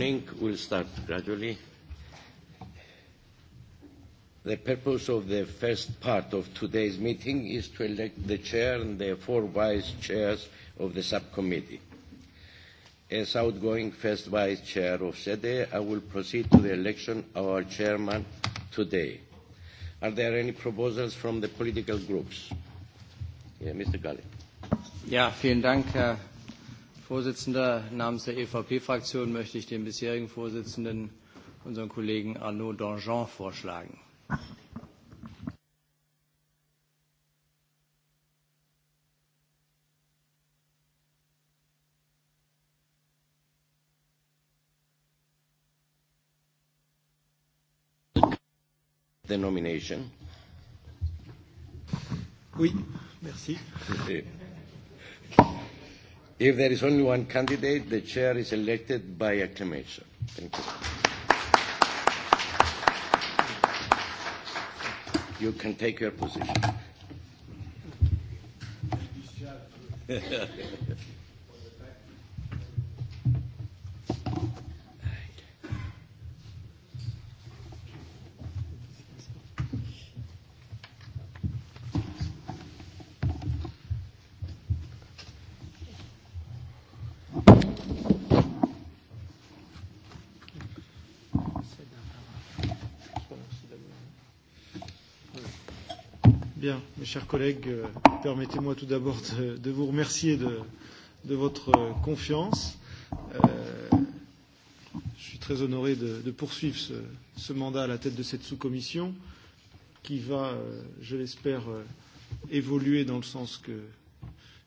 morning. We'll start gradually. The purpose of the first part of today's meeting is to elect the chair and the four vice chairs of the subcommittee. As outgoing first vice chair of SEDE, I will proceed to the election of our chairman today. Are there any proposals from the political groups? Yeah, Mr. Galli. Yeah, vielen Dank, Vorsitzender. Namens der EVP-Fraktion möchte ich den bisherigen Vorsitzenden, unseren Kollegen Arnaud Danjean, vorschlagen. the nomination. Oui, merci. If there is only one candidate, the chair is elected by acclamation. Thank you. You can take your position. mes chers collègues, permettez-moi tout d'abord de, de vous remercier de, de votre confiance. Euh, je suis très honoré de, de poursuivre ce, ce mandat à la tête de cette sous-commission qui va, je l'espère, évoluer dans le sens que,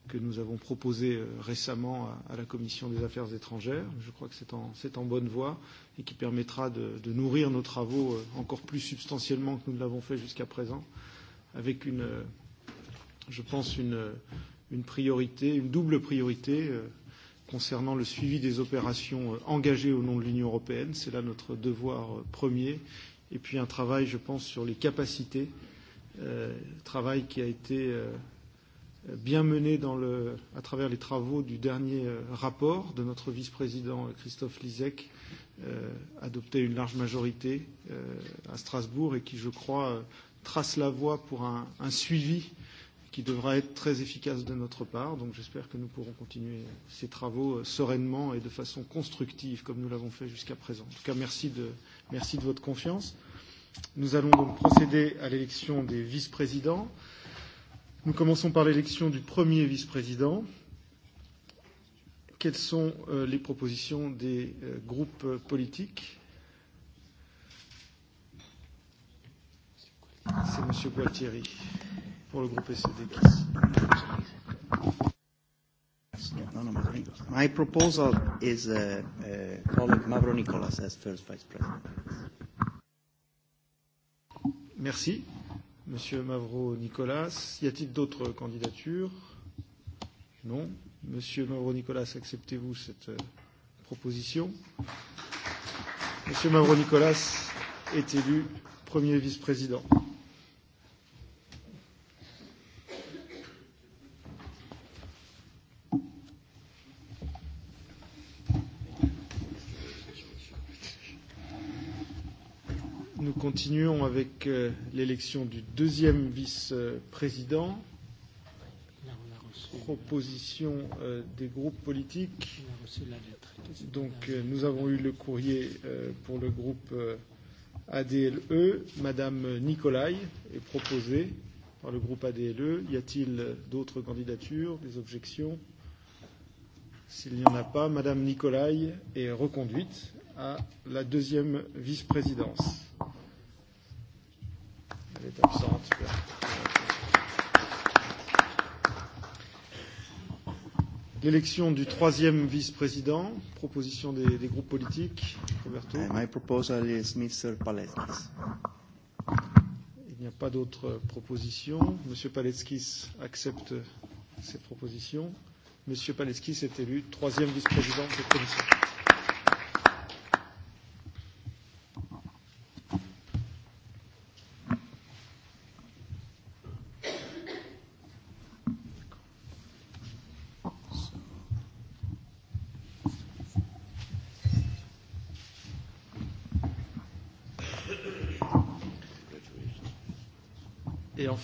que nous avons proposé récemment à, à la Commission des affaires étrangères. Je crois que c'est en, c'est en bonne voie et qui permettra de, de nourrir nos travaux encore plus substantiellement que nous ne l'avons fait jusqu'à présent avec une, je pense, une, une priorité, une double priorité concernant le suivi des opérations engagées au nom de l'Union européenne. C'est là notre devoir premier. Et puis un travail, je pense, sur les capacités, euh, travail qui a été euh, bien mené dans le, à travers les travaux du dernier rapport de notre vice-président Christophe Lisek, euh, adopté une large majorité euh, à Strasbourg et qui, je crois, trace la voie pour un, un suivi qui devra être très efficace de notre part. Donc j'espère que nous pourrons continuer ces travaux sereinement et de façon constructive comme nous l'avons fait jusqu'à présent. En tout cas, merci de, merci de votre confiance. Nous allons donc procéder à l'élection des vice-présidents. Nous commençons par l'élection du premier vice-président. Quelles sont les propositions des groupes politiques C'est Monsieur Gualtieri pour le groupe SED. My proposal is uh, uh, colleague Mavro Nicolas as first vice president. Merci, Monsieur Mavro Nicolas. Y a-t-il d'autres candidatures Non. Monsieur Mavro Nicolas, acceptez-vous cette proposition Monsieur Mavro Nicolas est élu premier vice-président. continuons avec euh, l'élection du deuxième vice-président. Proposition euh, des groupes politiques. Donc euh, nous avons eu le courrier euh, pour le groupe euh, ADLE. Madame Nicolai est proposée par le groupe ADLE. Y a-t-il d'autres candidatures, des objections S'il n'y en a pas, Madame Nicolai est reconduite à la deuxième vice-présidence est absente. L'élection du troisième vice-président, proposition des, des groupes politiques. Roberto. My proposal is Mr. Paletskis. Il n'y a pas d'autres propositions. Monsieur Paletskis accepte ces propositions. Monsieur Paletskis est élu troisième vice-président de cette commission.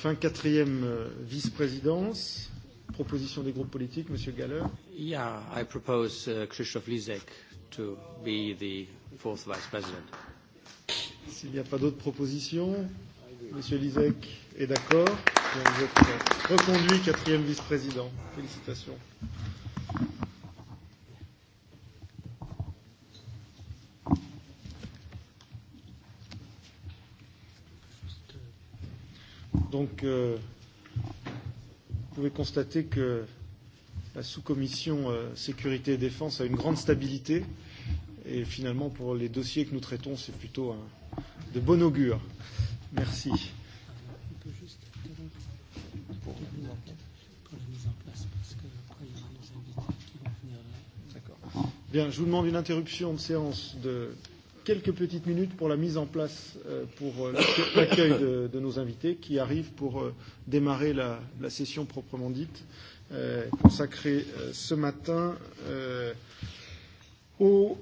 Enfin, quatrième vice-présidence, proposition des groupes politiques, Monsieur Galler. Yeah, I propose uh, Krzysztof Lisek to be the fourth vice president. S'il n'y a pas d'autres propositions, Monsieur Lisek est d'accord. Vous êtes reconduit quatrième vice-président. Félicitations. que vous pouvez constater que la sous-commission sécurité et défense a une grande stabilité. Et finalement, pour les dossiers que nous traitons, c'est plutôt un, de bon augure. Merci. Bien, je vous demande une interruption de séance de quelques petites minutes pour la mise en place euh, pour euh, l'accueil de, de nos invités qui arrivent pour euh, démarrer la, la session proprement dite, euh, consacrée euh, ce matin euh, au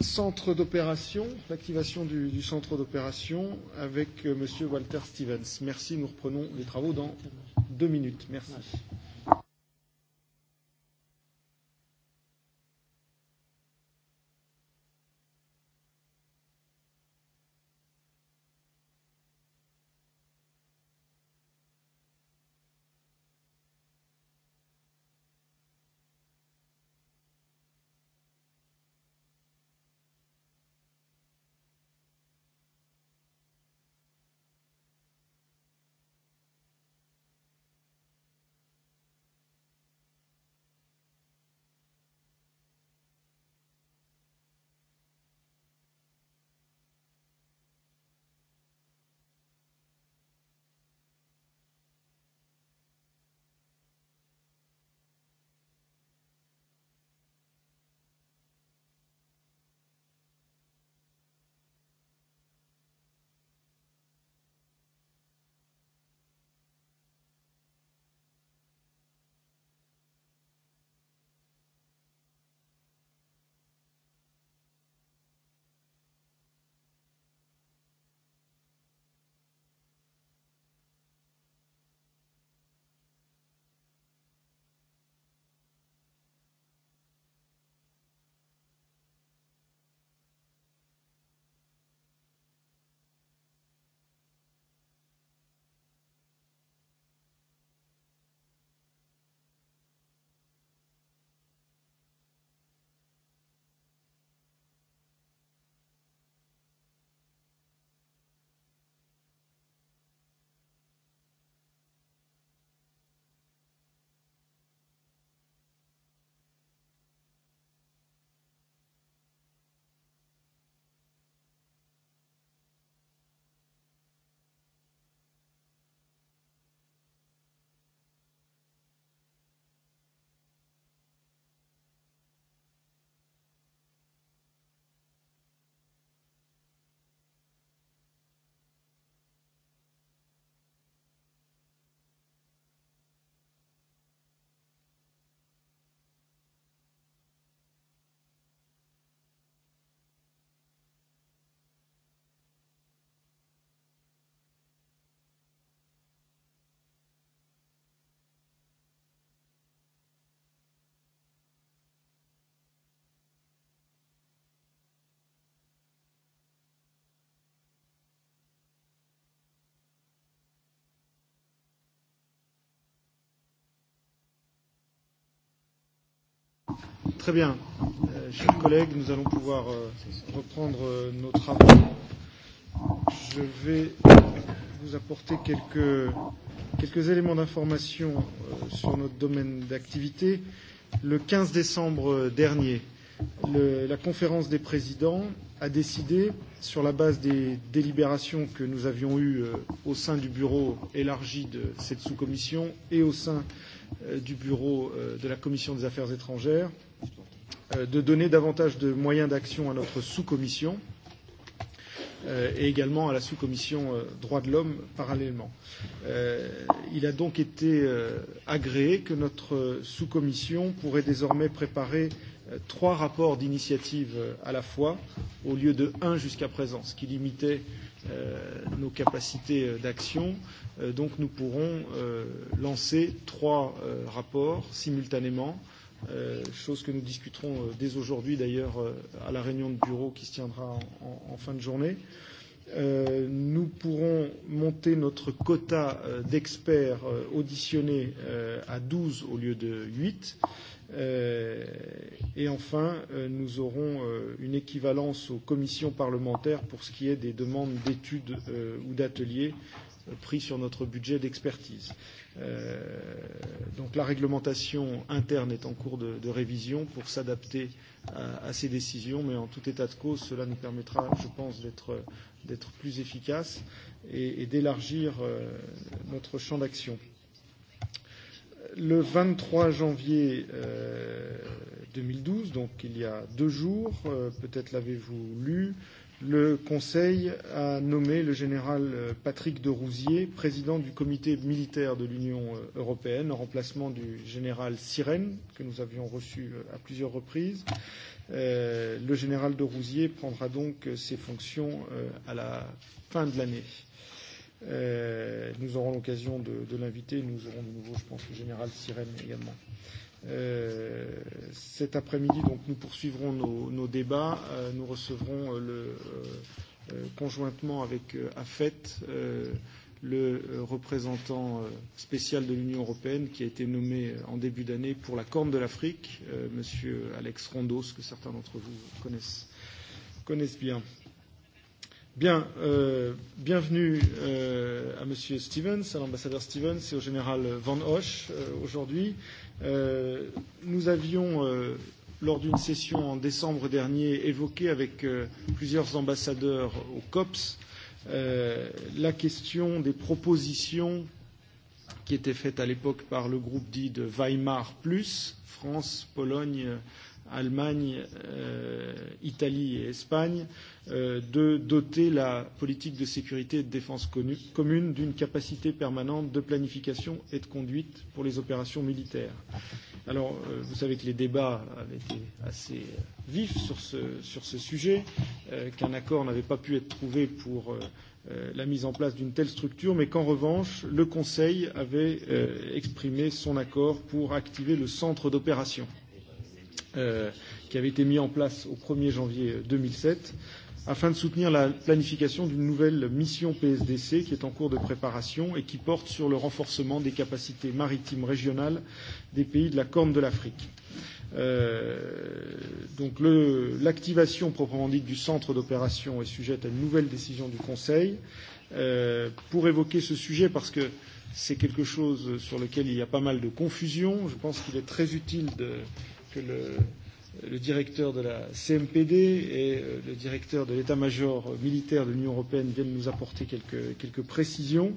centre d'opération, l'activation du, du centre d'opération avec euh, Monsieur Walter Stevens. Merci, nous reprenons les travaux dans deux minutes. Merci. Merci. Très bien. Euh, chers collègues, nous allons pouvoir euh, reprendre euh, nos travaux. Je vais vous apporter quelques, quelques éléments d'information euh, sur notre domaine d'activité. Le 15 décembre dernier, le, la conférence des présidents a décidé, sur la base des délibérations que nous avions eues euh, au sein du bureau élargi de cette sous-commission et au sein euh, du bureau de la commission des affaires étrangères de donner davantage de moyens d'action à notre sous-commission et également à la sous-commission droits de l'homme parallèlement. il a donc été agréé que notre sous-commission pourrait désormais préparer trois rapports d'initiative à la fois au lieu de un jusqu'à présent, ce qui limitait nos capacités d'action. donc nous pourrons lancer trois rapports simultanément, chose que nous discuterons dès aujourd'hui d'ailleurs à la réunion de bureau qui se tiendra en, fin de journée. nous pourrons monter notre quota d'experts auditionnés à douze au lieu de huit Euh, et enfin, euh, nous aurons euh, une équivalence aux commissions parlementaires pour ce qui est des demandes d'études euh, ou d'ateliers euh, pris sur notre budget d'expertise. Euh, donc la réglementation interne est en cours de, de révision pour s'adapter à, à ces décisions, mais en tout état de cause, cela nous permettra, je pense, d'être plus efficaces et, et d'élargir euh, notre champ d'action le 23 janvier euh, 2012, donc il y a deux jours, euh, peut-être l'avez-vous lu, le Conseil a nommé le général Patrick de Rousier président du comité militaire de l'Union européenne en remplacement du général Sirène que nous avions reçu à plusieurs reprises. Euh, le général de Rousier prendra donc ses fonctions euh, à la fin de l'année. Euh, nous aurons l'occasion de, de l'inviter. Nous aurons de nouveau, je pense, le général Sirène également. Euh, cet après-midi, donc, nous poursuivrons nos, nos débats. Euh, nous recevrons euh, le, euh, conjointement avec euh, AFET euh, le euh, représentant euh, spécial de l'Union européenne qui a été nommé en début d'année pour la Corne de l'Afrique, euh, Monsieur Alex Rondos, que certains d'entre vous connaissent, connaissent bien. Bien, euh, bienvenue euh, à Monsieur Stevens, à l'ambassadeur Stevens et au général Van Hoche euh, aujourd'hui. Euh, nous avions, euh, lors d'une session en décembre dernier, évoqué avec euh, plusieurs ambassadeurs au COPS euh, la question des propositions qui étaient faites à l'époque par le groupe dit de Weimar Plus, France, Pologne, Allemagne, euh, Italie et Espagne, euh, de doter la politique de sécurité et de défense commune d'une capacité permanente de planification et de conduite pour les opérations militaires. Alors, vous savez que les débats avaient été assez vifs sur ce, sur ce sujet, qu'un accord n'avait pas pu être trouvé pour la mise en place d'une telle structure, mais qu'en revanche, le Conseil avait exprimé son accord pour activer le centre d'opération qui avait été mis en place au 1er janvier 2007 afin de soutenir la planification d'une nouvelle mission PSDC qui est en cours de préparation et qui porte sur le renforcement des capacités maritimes régionales des pays de la Corne de l'Afrique. donc l'activation proprement dite du centre d'opération est sujette à une nouvelle décision du Conseil. pour évoquer ce sujet, parce que c'est quelque chose sur lequel il y a pas mal de confusion, je pense qu'il est très utile de, que le, le directeur de la CMPD et le directeur de l'état-major militaire de l'Union européenne viennent nous apporter quelques, quelques précisions.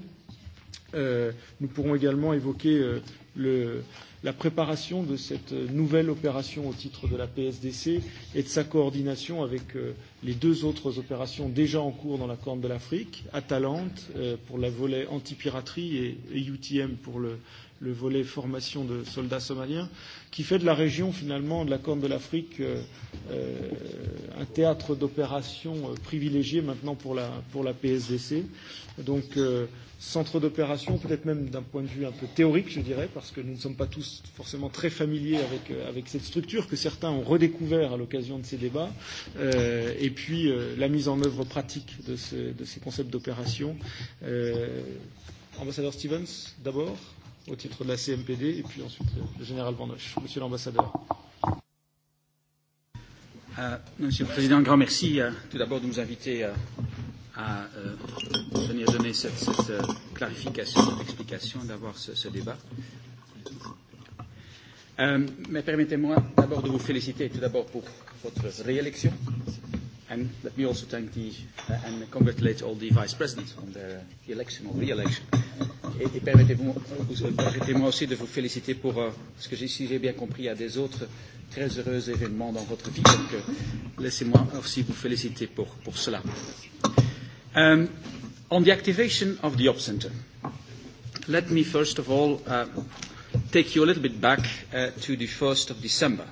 Euh, nous pourrons également évoquer euh, le, la préparation de cette nouvelle opération au titre de la PSDC et de sa coordination avec euh, les deux autres opérations déjà en cours dans la Corne de l'Afrique, Atalante euh, pour la volet antipiraterie et, et UTM pour le, le volet formation de soldats somaliens, qui fait de la région finalement de la Corne de l'Afrique euh, un théâtre d'opérations privilégié maintenant pour la, pour la PSDC. Donc euh, centre d'opération, peut-être même d'un point de vue un peu théorique, je dirais, parce que nous ne sommes pas tous forcément très familiers avec, euh, avec cette structure que certains ont redécouvert à l'occasion de ces débats, euh, et puis euh, la mise en œuvre pratique de, ce, de ces concepts d'opération. Euh, ambassadeur Stevens, d'abord au titre de la CMPD, et puis ensuite le général Vandoche, Monsieur l'ambassadeur. Euh, Monsieur le Président, un grand merci euh, tout d'abord de nous inviter euh, à euh, venir donner cette, cette euh, clarification, cette explication, d'avoir ce, ce débat. Euh, mais permettez-moi d'abord de vous féliciter tout d'abord pour votre réélection. And let me also thank the uh, and congratulate all the vice presidents on their election or re-election. Et, et permettez-moi permettez aussi de vous féliciter pour euh, ce que, si j'ai bien compris, il y a des autres très heureux événements dans votre vie. Donc, euh, laissez-moi aussi vous féliciter pour, pour cela. Um, on the activation of the Op Center, let me first of all uh, take you a little bit back uh, to the 1st of December.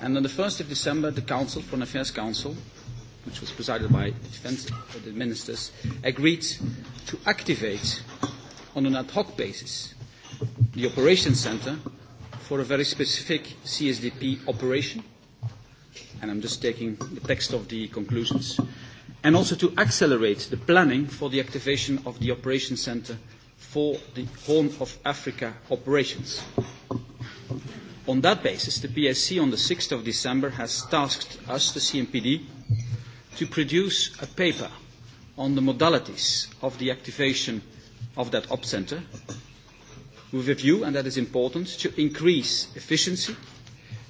And on the 1st of December, the Council, Foreign Affairs Council, which was presided by the defense the ministers, agreed to activate on an ad hoc basis the operations center for a very specific CSDP operation. And I'm just taking the text of the conclusions. And also to accelerate the planning for the activation of the operations center for the Horn of Africa operations. On that basis, the PSC on the 6th of December has tasked us, the CMPD, to produce a paper on the modalities of the activation of that op center with a view, and that is important, to increase efficiency,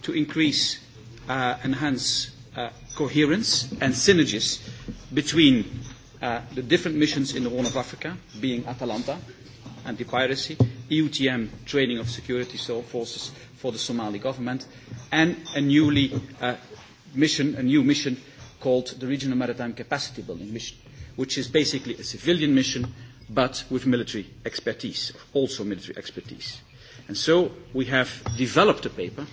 to increase, uh, enhance uh, coherence and synergies between uh, the different missions in the Horn of Africa, being Atalanta, anti-piracy, EUTM, training of security forces for the Somali government, and a newly uh, mission, a new mission called the Regional Maritime Capacity Building Mission, which is basically a civilian mission but with military expertise, also military expertise. And so we have developed a paper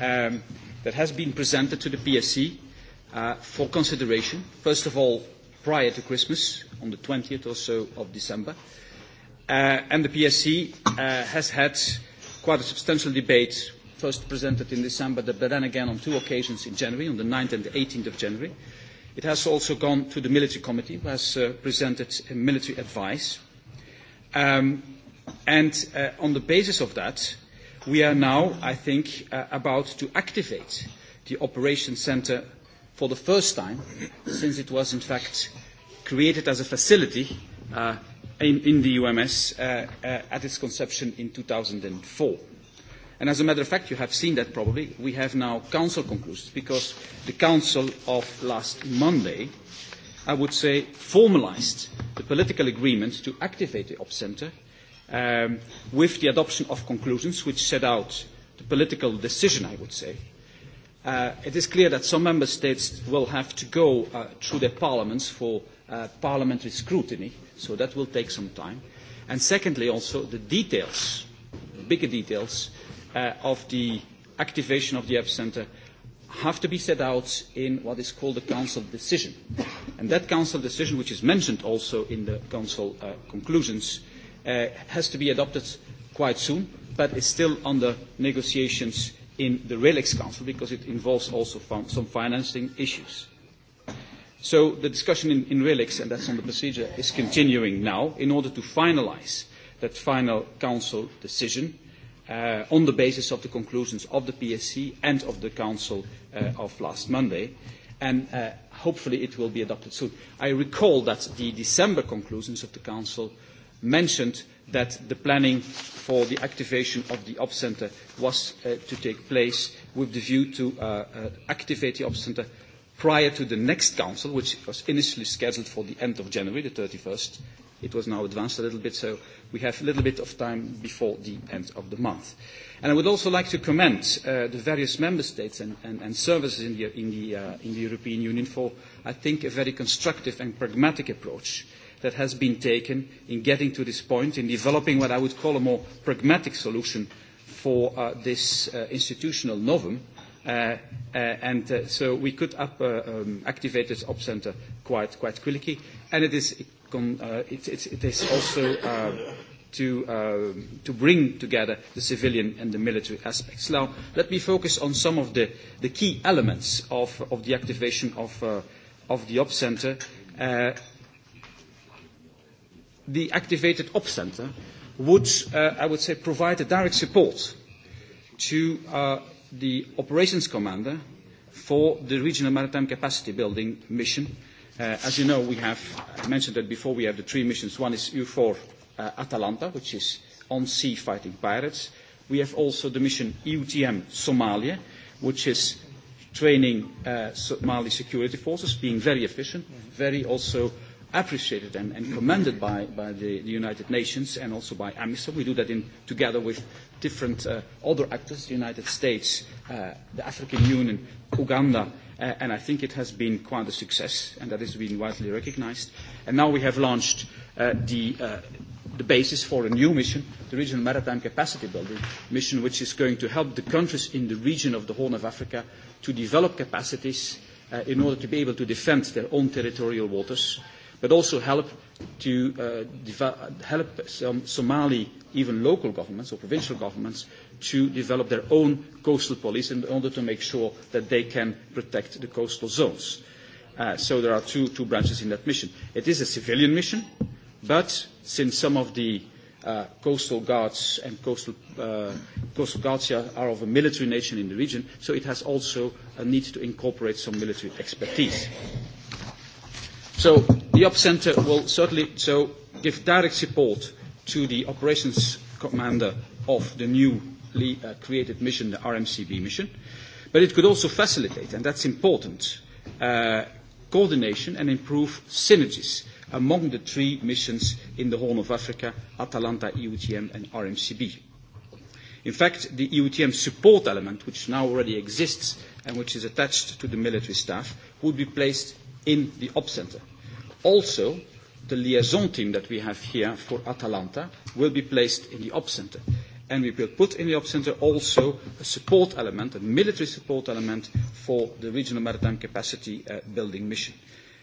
um, that has been presented to the PSC uh, for consideration, first of all, prior to Christmas, on the 20th or so of December. Uh, and the PSC uh, has had quite a substantial debate first presented in December, but then again on two occasions in January, on the 9th and the 18th of January. It has also gone to the military committee, who has uh, presented military advice. Um, and uh, on the basis of that, we are now, I think, uh, about to activate the operation center for the first time since it was in fact created as a facility uh, in, in the UMS uh, uh, at its conception in 2004. And as a matter of fact, you have seen that probably, we have now council conclusions because the council of last Monday, I would say, formalized the political agreement to activate the op center um, with the adoption of conclusions which set out the political decision, I would say. Uh, it is clear that some member states will have to go uh, through their parliaments for uh, parliamentary scrutiny, so that will take some time. And secondly, also the details, bigger details, of the activation of the Centre have to be set out in what is called the council decision. And that council decision, which is mentioned also in the council uh, conclusions, uh, has to be adopted quite soon, but is still under negotiations in the RELIX Council because it involves also some financing issues. So the discussion in, in RELIX, and that's on the procedure, is continuing now in order to finalise that final Council decision uh, on the basis of the conclusions of the PSC and of the Council uh, of last Monday, and uh, hopefully it will be adopted soon. I recall that the December conclusions of the Council mentioned that the planning for the activation of the op centre was uh, to take place with the view to uh, uh, activate the op centre prior to the next council, which was initially scheduled for the end of January, the 31st It was now advanced a little bit, so we have a little bit of time before the end of the month. And I would also like to commend uh, the various member states and, and, and services in the, in, the, uh, in the European Union for, I think, a very constructive and pragmatic approach that has been taken in getting to this point, in developing what I would call a more pragmatic solution for uh, this uh, institutional novum. Uh, uh, and uh, so we could up, uh, um, activate this op center quite, quite quickly. And it is con, uh, it, it, it is also uh, to, uh, to bring together the civilian and the military aspects. Now, let me focus on some of the, the key elements of, of the activation of, uh, of the op center. Uh, the activated op center would, uh, I would say, provide a direct support to uh, the operations commander for the regional maritime capacity building mission As you know, we have I mentioned that before, we have the three missions. One is EUFOR Atalanta, which is on sea fighting pirates. We have also the mission EUTM Somalia, which is training Somali security forces, being very efficient, very also appreciated and, and commended by, by the, the United Nations and also by AMISOM. We do that in, together with different uh, other actors, the United States, uh, the African Union, Uganda, and I think it has been quite a success, and that has been widely recognized. And now we have launched the the basis for a new mission, the Regional Maritime Capacity Building mission, which is going to help the countries in the region of the Horn of Africa to develop capacities in order to be able to defend their own territorial waters but also help to uh, help some Somali, even local governments or provincial governments, to develop their own coastal police in order to make sure that they can protect the coastal zones. Uh, so there are two, two branches in that mission. It is a civilian mission, but since some of the uh, coastal guards and coastal, uh, coastal guards are of a military nation in the region, so it has also a need to incorporate some military expertise. So the op center will certainly so give direct support to the operations commander of the newly uh, created mission, the RMCB mission. But it could also facilitate, and that's important, uh, coordination and improve synergies among the three missions in the Horn of Africa, Atalanta, EUTM and RMCB. In fact, the EUTM support element, which now already exists and which is attached to the military staff, would be placed in the op center. Also, the liaison team that we have here for Atalanta will be placed in the op center. And we will put in the op center also a support element, a military support element for the regional maritime capacity uh, building mission.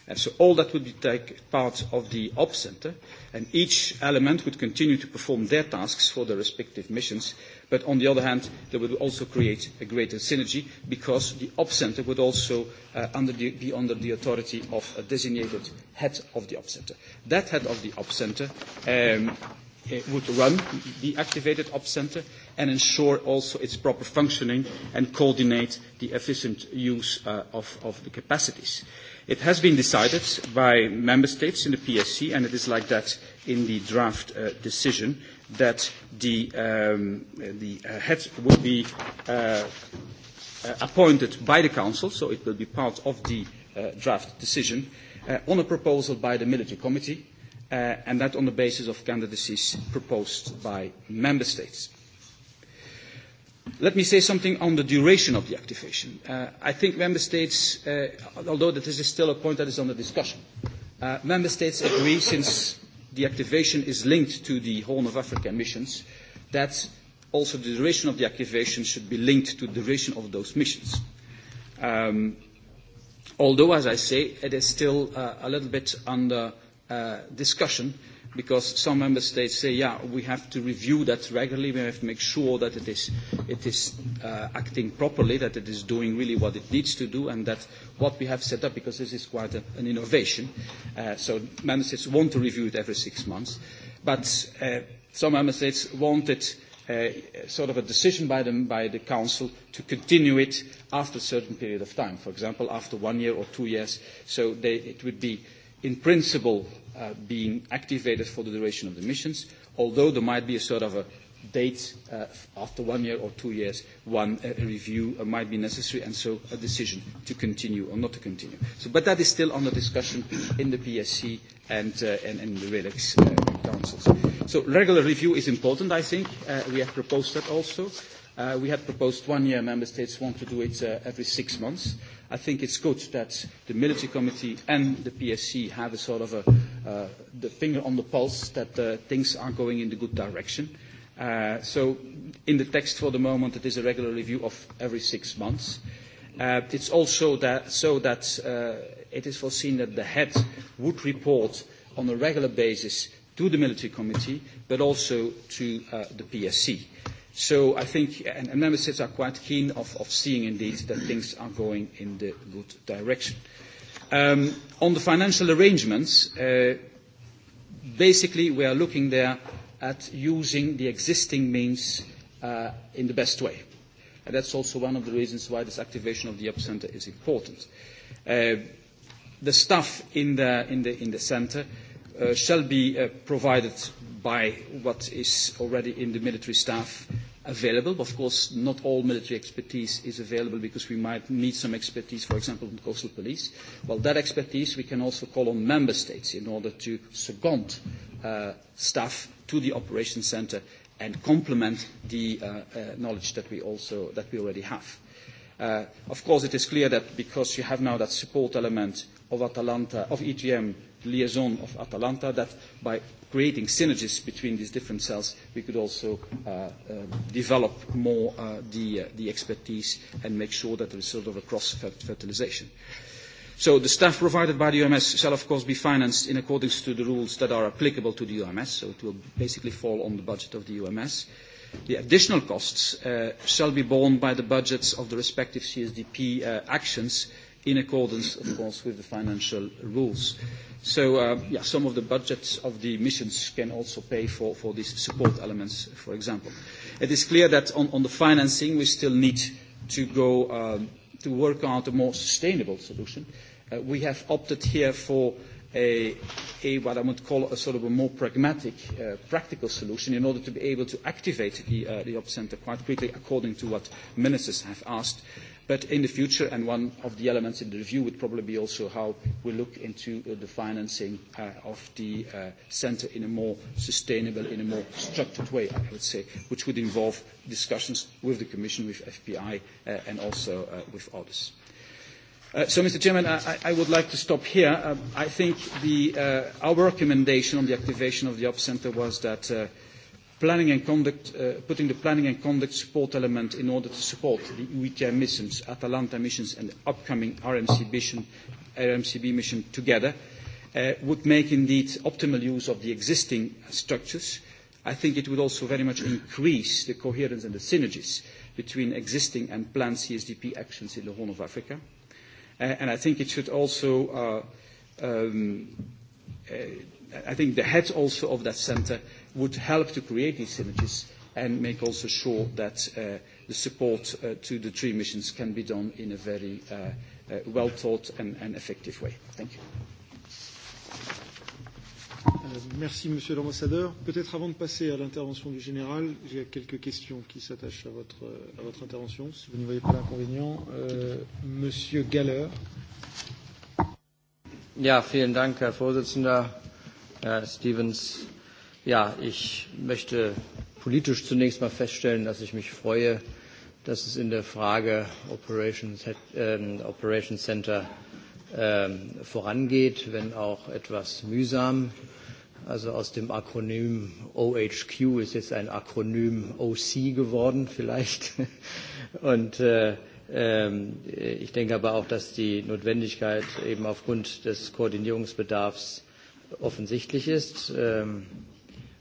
And so all that would be take part of the op center, and each element would continue to perform their tasks for their respective missions, But on the other hand, that would also create a greater synergy because the op center would also be under the authority of a designated head of the op center. That head of the op center would run the activated op center and ensure also its proper functioning and coordinate the efficient use of, the capacities. It has been decided by member states in the PSC, and it is like that in the draft decision, that the, um, the uh, head will be uh, appointed by the Council, so it will be part of the uh, draft decision, uh, on a proposal by the Military Committee, uh, and that on the basis of candidacies proposed by Member States. Let me say something on the duration of the activation. Uh, I think Member States, uh, although this is still a point that is under discussion, uh, Member States agree since the activation is linked to the Horn of Africa missions, that also the duration of the activation should be linked to the duration of those missions. Um, although, as I say, it is still uh, a little bit under uh, discussion because some member states say, yeah, we have to review that regularly. We have to make sure that it is, it is uh, acting properly, that it is doing really what it needs to do, and that what we have set up, because this is quite a, an innovation. Uh, so member states want to review it every six months, but uh, some member states want it sort of a decision by, them, by the Council to continue it after a certain period of time, for example, after one year or two years. So they, it would be, in principle, uh, being activated for the duration of the missions, although there might be a sort of a date uh, after one year or two years, one uh, review uh, might be necessary, and so a decision to continue or not to continue. So, but that is still under discussion in the PSC and, uh, in the RELEX uh, councils. So regular review is important, I think. Uh, we have proposed that also. Uh, we had proposed one year, member states want to do it uh, every six months. I think it's good that the military committee and the PSC have a sort of a, the finger on the pulse that things are going in the good direction. So in the text for the moment, it is a regular review of every six months. It's also that so that it is foreseen that the head would report on a regular basis to the military committee, but also to the PSC. So I think, and member states are quite keen of seeing indeed that things are going in the good direction on the financial arrangements, basically we are looking there at using the existing means in the best way. And that's also one of the reasons why this activation of the up Centre is important. the staff in the, in the, in the center shall be provided by what is already in the military staff available. Of course, not all military expertise is available because we might need some expertise, for example, in coastal police. Well, that expertise we can also call on member states in order to second uh, staff to the operation centre and complement the uh, uh, knowledge that we also that we already have. Uh, of course, it is clear that because you have now that support element of Atalanta, of EGM, liaison of Atalanta that by creating synergies between these different cells, we could also uh, uh, develop more uh, the, uh, the expertise and make sure that there is sort of a cross-fertilization. So the staff provided by the UMS shall of course be financed in accordance to the rules that are applicable to the UMS, so it will basically fall on the budget of the UMS. The additional costs uh, shall be borne by the budgets of the respective CSDP uh, actions in accordance, of course, with the financial rules. So, yeah, some of the budgets of the missions can also pay for for these support elements, for example. It is clear that on the financing, we still need to go to work out a more sustainable solution. We have opted here for a what I would call a sort of a more pragmatic, practical solution in order to be able to activate the op center quite quickly according to what ministers have asked. But in the future, and one of the elements in the review would probably be also how we look into the financing of the centre in a more sustainable, in a more structured way, I would say, which would involve discussions with the Commission, with FPI, and also with others. So, Mr. Chairman, I, I would like to stop here. I think the, our recommendation on the activation of the op centre was that planning and conduct, uh, putting the planning and conduct support element in order to support the UETI missions, Atalanta missions, and the upcoming RMC mission, RMCB mission together uh, would make indeed optimal use of the existing structures. I think it would also very much increase the coherence and the synergies between existing and planned CSDP actions in the Horn of Africa. Uh, and I think it should also, uh, um, uh, I think the head also of that center would help to create these synergies and make also sure that the support to the three missions can be done in a very well thought and effective way. Thank you. Merci, Monsieur l'Ambassadeur. Peut-être avant de passer à l'intervention du général, j'ai quelques questions qui s'attachent à votre, à votre intervention, si vous n'y voyez pas d'inconvénient. Euh, Monsieur Galler. Ja, vielen Dank, Herr Vorsitzender, Herr Stevens. Ja, ich möchte politisch zunächst mal feststellen, dass ich mich freue, dass es in der Frage Operations, Operation Center vorangeht, wenn auch etwas mühsam. Also aus dem Akronym OHQ ist jetzt ein Akronym OC geworden vielleicht. Und äh, ich denke aber auch, dass die Notwendigkeit eben aufgrund des Koordinierungsbedarfs offensichtlich ist.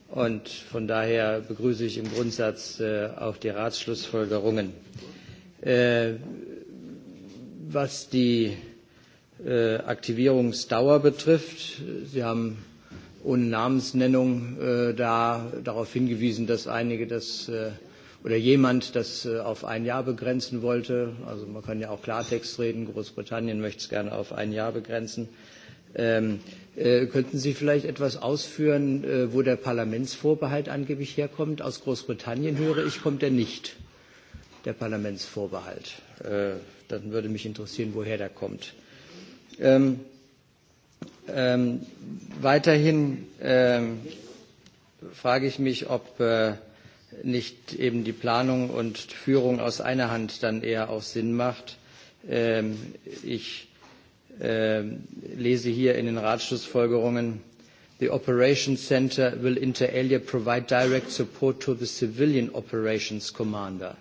Und von daher begrüße ich im Grundsatz auch die Ratsschlussfolgerungen. was die Aktivierungsdauer betrifft, Sie haben ohne Namensnennung darauf hingewiesen, dass einige das oder jemand das auf ein Jahr begrenzen wollte. Also man kann ja auch Klartext reden. Großbritannien möchte es gerne auf ein Jahr begrenzen. Äh, Könnten Sie vielleicht etwas ausführen, wo der Parlamentsvorbehalt angeblich herkommt? Aus Großbritannien höre ich, kommt er nicht, der Parlamentsvorbehalt. Dann würde mich interessieren, woher der kommt. Weiterhin frage ich mich, ob nicht eben die Planung und Führung aus einer Hand dann eher auch Sinn macht. Ich lese hier in den Ratsschlussfolgerungen, the Operation Center will inter alia provide direct support to the civilian operations commander.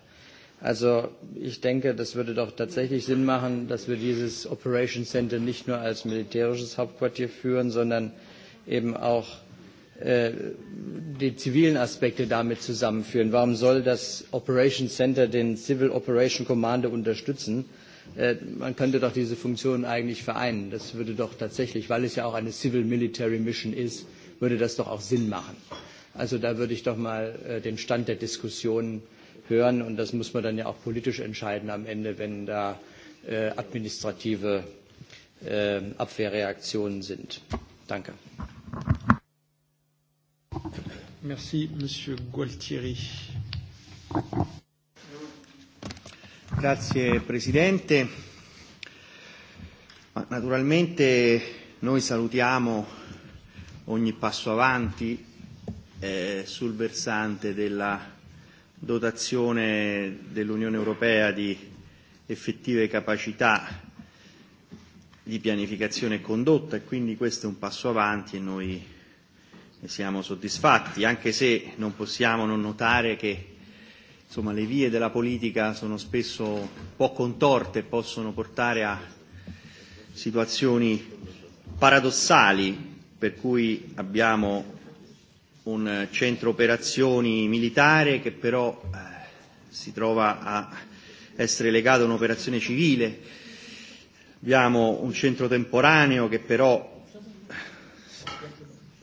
Also ich denke, das würde doch tatsächlich Sinn machen, dass wir dieses Operation Center nicht nur als militärisches Hauptquartier führen, sondern eben auch die zivilen Aspekte damit zusammenführen. Warum soll das Operation Center den Civil Operation Commander unterstützen? man könnte doch diese Funktionen eigentlich vereinen. Das würde doch tatsächlich, weil es ja auch eine Civil-Military-Mission ist, würde das doch auch Sinn machen. Also da würde ich doch mal den Stand der Diskussion hören und das muss man dann ja auch politisch entscheiden am Ende, wenn da administrative Abwehrreaktionen sind. Danke. Merci, Monsieur Gualtieri. Grazie Presidente. Ma naturalmente noi salutiamo ogni passo avanti eh, sul versante della dotazione dell'Unione Europea di effettive capacità di pianificazione e condotta e quindi questo è un passo avanti e noi ne siamo soddisfatti, anche se non possiamo non notare che insomma, le vie della politica sono spesso un po' contorte e possono portare a situazioni paradossali per cui abbiamo un centro operazioni militare che però si trova a essere legato a un'operazione civile, abbiamo un centro temporaneo che però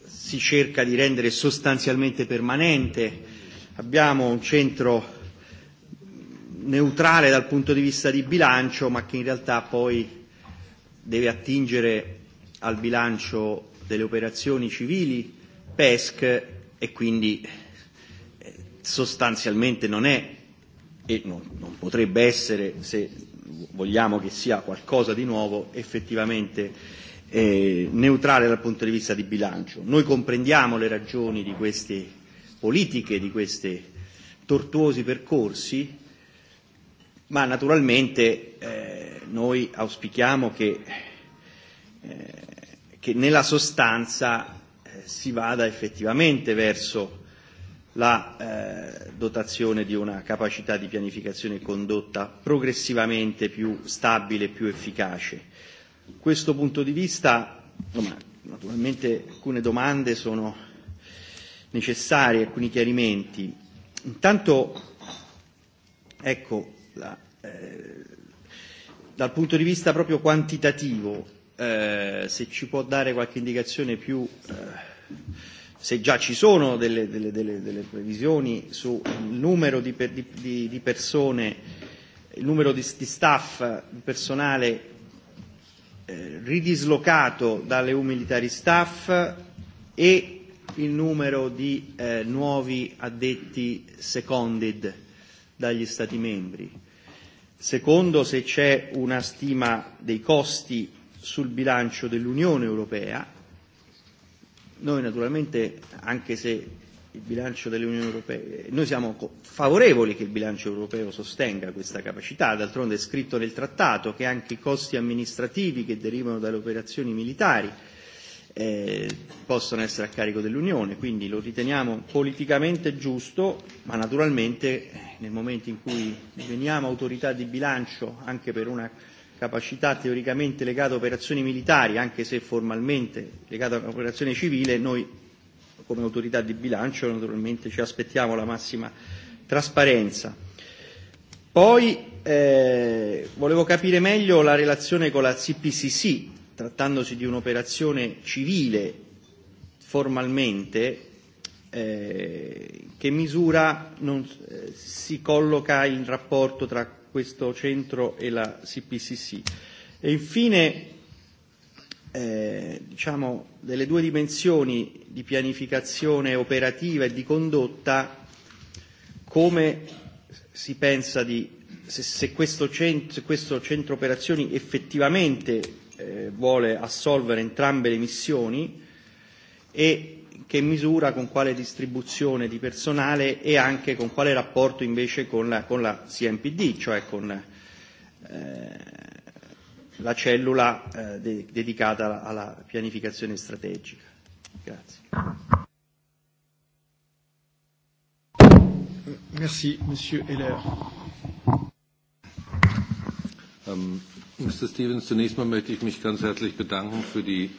si cerca di rendere sostanzialmente permanente, abbiamo un centro neutrale dal punto di vista di bilancio, ma che in realtà poi deve attingere al bilancio delle operazioni civili PESC e quindi sostanzialmente non è e non, non potrebbe essere, se vogliamo che sia qualcosa di nuovo, effettivamente eh, neutrale dal punto di vista di bilancio. Noi comprendiamo le ragioni di queste politiche, di questi tortuosi percorsi, ma naturalmente eh, noi auspichiamo che, eh, che nella sostanza eh, si vada effettivamente verso la eh, dotazione di una capacità di pianificazione condotta progressivamente più stabile e più efficace. Da questo punto di vista, naturalmente alcune domande sono necessarie, alcuni chiarimenti. Intanto, ecco, la, eh, dal punto di vista proprio quantitativo, eh, se ci può dare qualche indicazione più, eh, se già ci sono delle, delle, delle, delle previsioni sul numero di, per, di, di, di persone, il numero di, di staff, di personale eh, ridislocato dalle EU military staff e il numero di eh, nuovi addetti seconded dagli Stati membri Secondo, se c'è una stima dei costi sul bilancio dell'Unione Europea. Noi naturalmente, anche se il bilancio dell'Unione Europea, noi siamo favorevoli che il bilancio europeo sostenga questa capacità, d'altronde è scritto nel trattato che anche i costi amministrativi che derivano dalle operazioni militari eh, possono essere a carico dell'Unione, quindi lo riteniamo politicamente giusto, ma naturalmente nel momento in cui diveniamo autorità di bilancio anche per una capacità teoricamente legata a operazioni militari, anche se formalmente legata a un'operazione civile, noi come autorità di bilancio naturalmente ci aspettiamo la massima trasparenza. Poi eh, volevo capire meglio la relazione con la CPCC, trattandosi di un'operazione civile formalmente eh, che misura non, eh, si colloca in rapporto tra questo centro e la CPCC. E infine eh, diciamo, delle due dimensioni di pianificazione operativa e di condotta, come si pensa di se, se questo, centro, se questo centro operazioni effettivamente eh, vuole assolvere entrambe le missioni e che misura con quale distribuzione di personale e anche con quale rapporto invece con la, con la CMPD, cioè con eh, la cellula eh, de- dedicata alla, alla pianificazione strategica. Grazie. Merci, Monsieur Heller. Um, Mr. Stevens, zunächst mal möchte ich mich ganz herzlich bedanken für die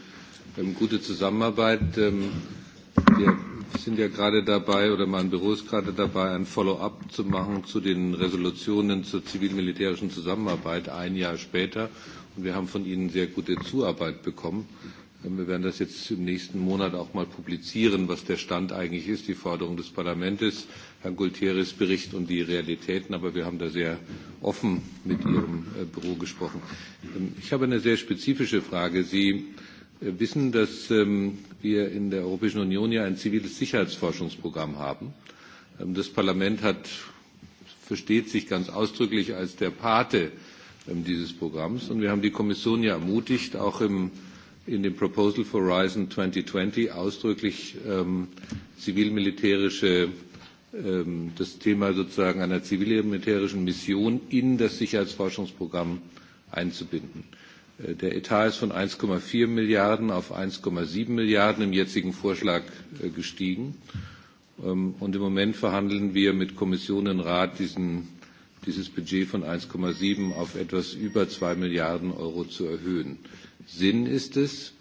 gute Zusammenarbeit. wir sind ja gerade dabei, oder mein Büro ist gerade dabei, ein Follow-up zu machen zu den Resolutionen zur zivil-militärischen Zusammenarbeit ein Jahr später. Und wir haben von Ihnen sehr gute Zuarbeit bekommen. Wir werden das jetzt im nächsten Monat auch mal publizieren, was der Stand eigentlich ist, die Forderung des Parlaments, Herrn Gultieres Bericht und die Realitäten. Aber wir haben da sehr offen mit Ihrem Büro gesprochen. Ich habe eine sehr spezifische Frage. Sie wissen, dass wir in der Europäischen Union ja ein ziviles Sicherheitsforschungsprogramm haben. Das Parlament hat, versteht sich ganz ausdrücklich als der Pate dieses Programms. Und wir haben die Kommission ja ermutigt, auch im in dem Proposal for Horizon 2020 ausdrücklich zivil-militärische das Thema sozusagen einer zivil-militärischen Mission in das Sicherheitsforschungsprogramm einzubinden. Der Etat ist von 1,4 Milliarden auf 1,7 Milliarden im jetzigen Vorschlag gestiegen. Und im Moment verhandeln wir mit Kommission und Rat, dieses Budget von 1,7 auf etwas über 2 Milliarden Euro zu erhöhen. Sinn ist es,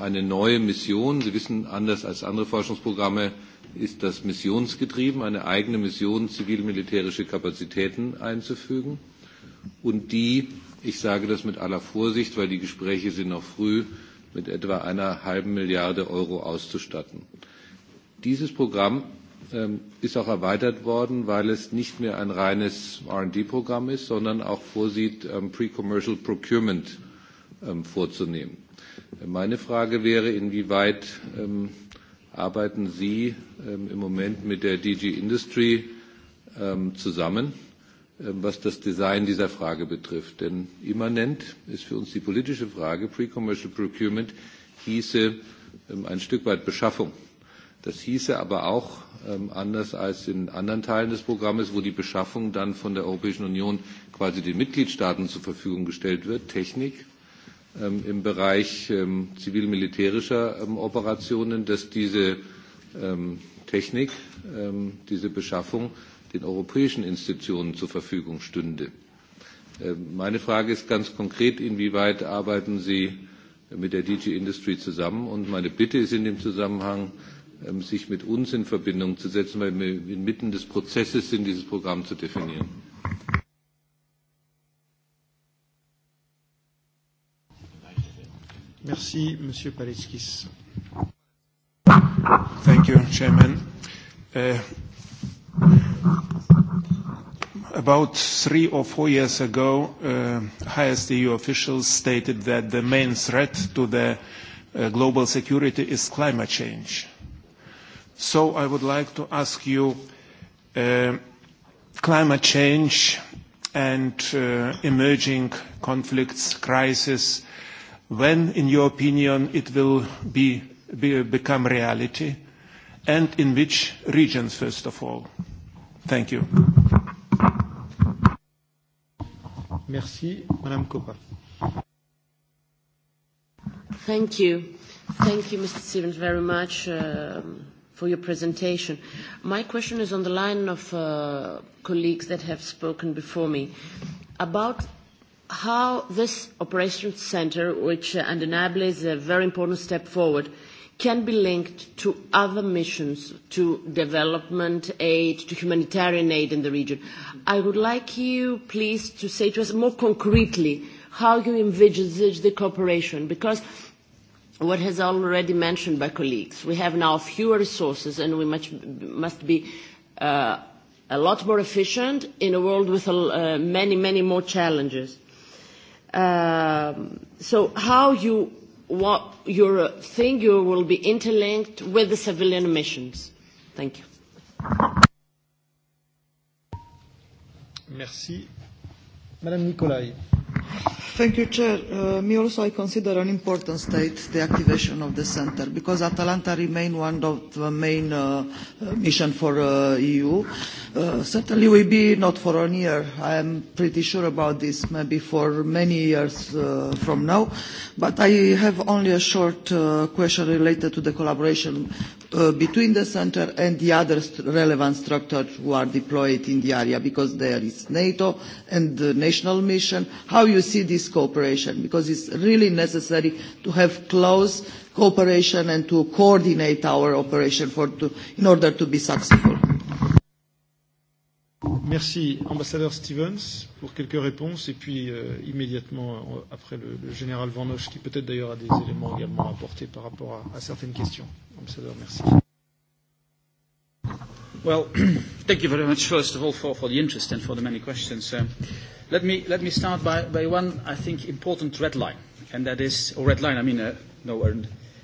eine neue Mission. Sie wissen, anders als andere Forschungsprogramme ist das missionsgetrieben, eine eigene Mission zivil-militärische Kapazitäten einzufügen. Und die, ich sage das mit aller Vorsicht, weil die Gespräche sind noch früh, mit etwa einer halben Milliarde Euro auszustatten. Dieses Programm ist auch erweitert worden, weil es nicht mehr ein reines R&D-Programm ist, sondern auch vorsieht, Pre-Commercial Procurement vorzunehmen. Meine Frage wäre, inwieweit arbeiten Sie im Moment mit der DG Industry zusammen, was das Design dieser Frage betrifft? Denn immanent ist für uns die politische Frage, Pre-Commercial Procurement hieße ein Stück weit Beschaffung. Das hieße aber auch, anders als in anderen Teilen des Programms, wo die Beschaffung dann von der Europäischen Union quasi den Mitgliedstaaten zur Verfügung gestellt wird, Technik, im Bereich zivil-militärischer Operationen, dass diese Technik, diese Beschaffung den europäischen Institutionen zur Verfügung stünde. Meine Frage ist ganz konkret, inwieweit arbeiten Sie mit der DG Industry zusammen? Und meine Bitte ist in dem Zusammenhang, sich mit uns in Verbindung zu setzen, weil wir inmitten des Prozesses sind, dieses Programm zu definieren. Merci, Monsieur Paleskis. Thank you, Chairman. Uh, about three or four years ago, uh, highest EU officials stated that the main threat to the uh, global security is climate change. So I would like to ask you, uh, climate change and uh, emerging conflicts, crises, uh, when, in your opinion, it will be, be, become reality, and in which regions, first of all? Thank you. Merci, Madame Copa. Thank you. Thank you, Mr. Stevens, very much uh, for your presentation. My question is on the line of uh, colleagues that have spoken before me about how this operations center, which undeniably is a very important step forward, can be linked to other missions, to development aid, to humanitarian aid in the region. I would like you, please, to say to us more concretely how you envisage the cooperation, because what has already mentioned by colleagues, we have now fewer resources and we much, must be uh, a lot more efficient in a world with uh, many, many more challenges so how you what your thing you will be interlinked with the civilian missions? Thank you. Merci, Madame Nicolai. Thank you, Chair. me also, I consider an important state the activation of the centre because Atalanta remains one of the main uh, missions for the EU. certainly will be not for one year. I am pretty sure about this, maybe for many years from now. But I have only a short question related to the collaboration between the centre and the other relevant structures who are deployed in the area because there is NATO and the national mission. How you see this this cooperation because it's really necessary to have close cooperation and to coordinate our operation for to, in order to be successful. Merci, ambassadeur Stevens, pour quelques réponses. Et puis, euh, immédiatement euh, après le, le général Van Hoche, qui peut-être d'ailleurs a des éléments également à apporter par rapport à, à certaines questions. Ambassadeur, merci. Well, thank you very much, first of all, for, for the interest and for the many questions. Um, Let me, let me start by, by one, I think, important red line, and that is, or red line, I mean, uh, no, a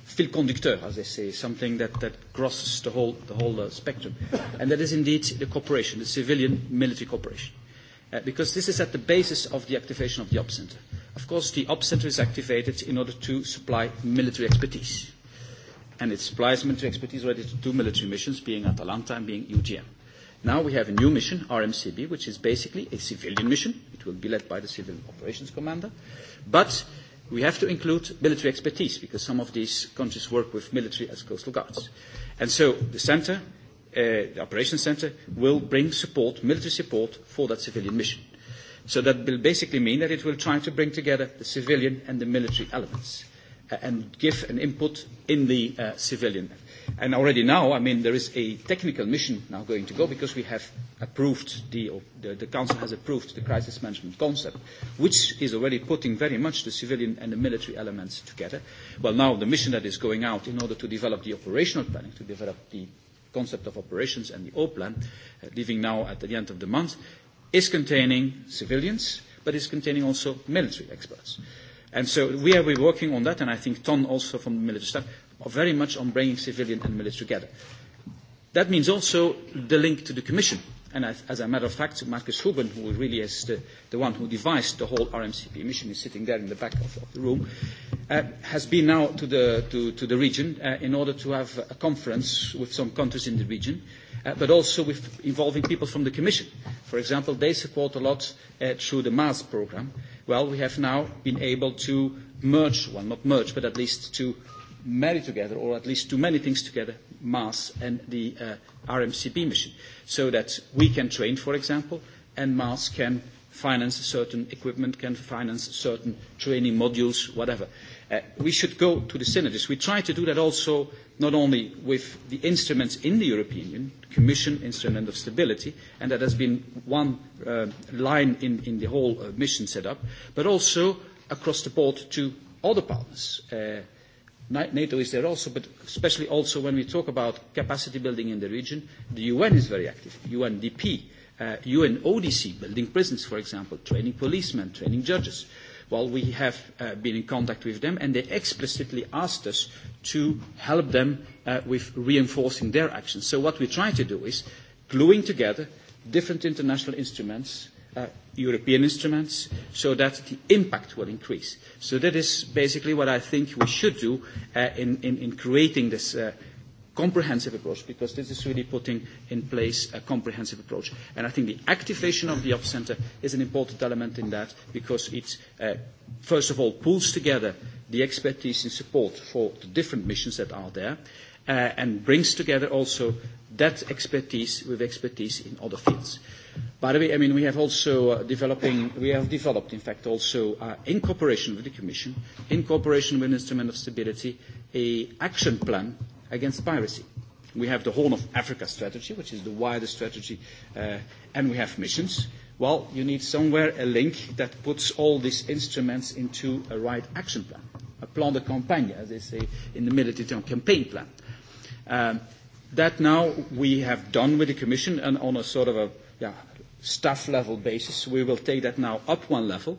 fil conducteur, as they say, something that, that crosses the whole, the whole uh, spectrum, and that is indeed the cooperation, the civilian military cooperation, because this is at the basis of the activation of the op center. Of course, the op center is activated in order to supply military expertise, and it supplies military expertise ready to two military missions, being Atalanta and being UGM. Now we have a new mission, RMCB, which is basically a civilian mission. It will be led by the Civil Operations Commander. But we have to include military expertise because some of these countries work with military as coastal guards. And so the center, uh, the operations center, will bring support, military support for that civilian mission. So that will basically mean that it will try to bring together the civilian and the military elements and give an input in the uh, civilian And already now, I mean, there is a technical mission now going to go because we have approved the, the, the Council has approved the crisis management concept, which is already putting very much the civilian and the military elements together. Well, now the mission that is going out in order to develop the operational planning, to develop the concept of operations and the O plan, uh, leaving now at the end of the month, is containing civilians, but is containing also military experts. And so we are working on that, and I think Ton also from the military staff very much on bringing civilian and military together. That means also the link to the Commission. And as, as a matter of fact, Marcus Huben, who really is the, the one who devised the whole RMCP mission, is sitting there in the back of, of the room, uh, has been now to the, to, to the region uh, in order to have a conference with some countries in the region, uh, but also with involving people from the Commission. For example, they support a lot uh, through the MAS program. Well, we have now been able to merge, well, not merge, but at least to marry together, or at least too many things together, mass and the uh, RMCB mission, so that we can train, for example, and mass can finance certain equipment, can finance certain training modules, whatever. Uh, we should go to the synergies. We try to do that also not only with the instruments in the European Union, Commission Instrument of Stability, and that has been one uh, line in, in the whole uh, mission setup, but also across the board to other partners. Uh, NATO is there also, but especially also when we talk about capacity building in the region, the UN is very active, UNDP, uh, UNODC, building prisons, for example, training policemen, training judges. Well, we have uh, been in contact with them, and they explicitly asked us to help them uh, with reinforcing their actions. So what we try to do is gluing together different international instruments uh, European instruments so that the impact will increase. So that is basically what I think we should do uh, in, in, in creating this uh, comprehensive approach because this is really putting in place a comprehensive approach. And I think the activation of the op center is an important element in that because it, uh, first of all, pulls together the expertise and support for the different missions that are there uh, and brings together also that expertise with expertise in other fields. By the way, I mean, we have also uh, developing, we have developed, in fact, also uh, in cooperation with the Commission, in cooperation with the Instrument of Stability, a action plan against piracy. We have the Horn of Africa strategy, which is the wider strategy, uh, and we have missions. Well, you need somewhere a link that puts all these instruments into a right action plan, a plan de campagne, as they say in the military campaign plan. Um, that now we have done with the Commission and on a sort of a yeah, staff level basis. We will take that now up one level,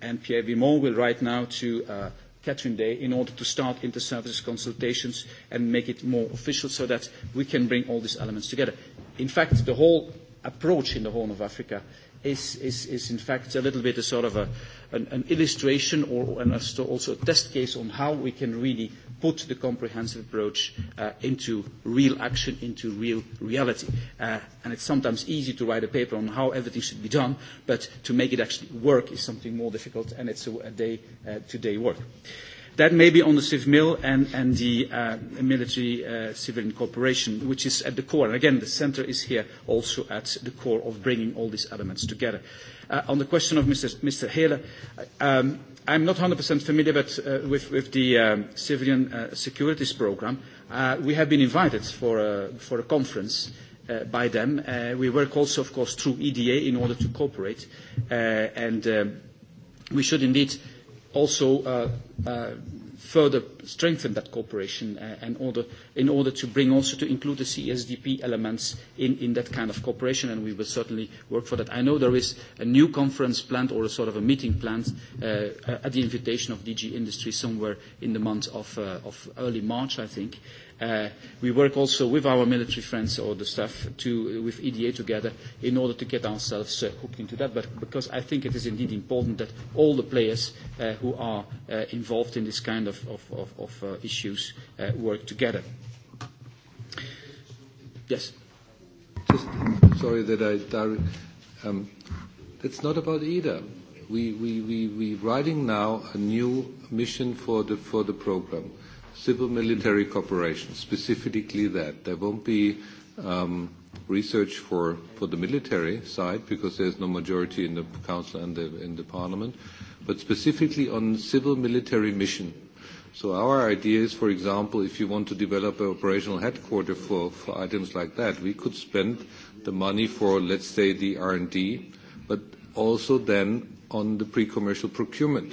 and Pierre Vimon will write now to uh, Catherine Day in order to start inter-services consultations and make it more official so that we can bring all these elements together. In fact, the whole approach in the Horn of Africa is, is, is in fact a little bit a sort of a, an, an illustration or and also a test case on how we can really put the comprehensive approach uh, into real action, into real reality. Uh, and it's sometimes easy to write a paper on how everything should be done, but to make it actually work is something more difficult, and it's a day-to-day work. That may be on the civil and, and the uh, military uh, civilian cooperation, which is at the core. And again, the center is here also at the core of bringing all these elements together on the question of Mr. Mr. um, I'm not 100% familiar but, uh, with, with the um, civilian uh, securities program. Uh, we have been invited for a, for a conference uh, by them. Uh, we work also, of course, through EDA in order to cooperate. Uh, and um, we should indeed also uh, uh, further strengthen that cooperation uh, and order, in order to bring also to include the CSDP elements in, in that kind of cooperation, and we will certainly work for that. I know there is a new conference planned or a sort of a meeting planned uh, at the invitation of DG Industry somewhere in the month of, uh, of early March, I think. Uh, we work also with our military friends or the staff to, with EDA together in order to get ourselves uh, hooked into that, but because I think it is indeed important that all the players uh, who are uh, involved in this kind of, of, of, of uh, issues uh, work together. Yes. Just sorry that I. Um, it's not about either. We we we we writing now a new mission for the for the program civil military cooperation, specifically that. There won't be um, research for, for the military side because there's no majority in the council and the, in the parliament, but specifically on civil military mission. So our idea is, for example, if you want to develop an operational headquarter for, for items like that, we could spend the money for, let's say, the R&D, but also then on the pre-commercial procurement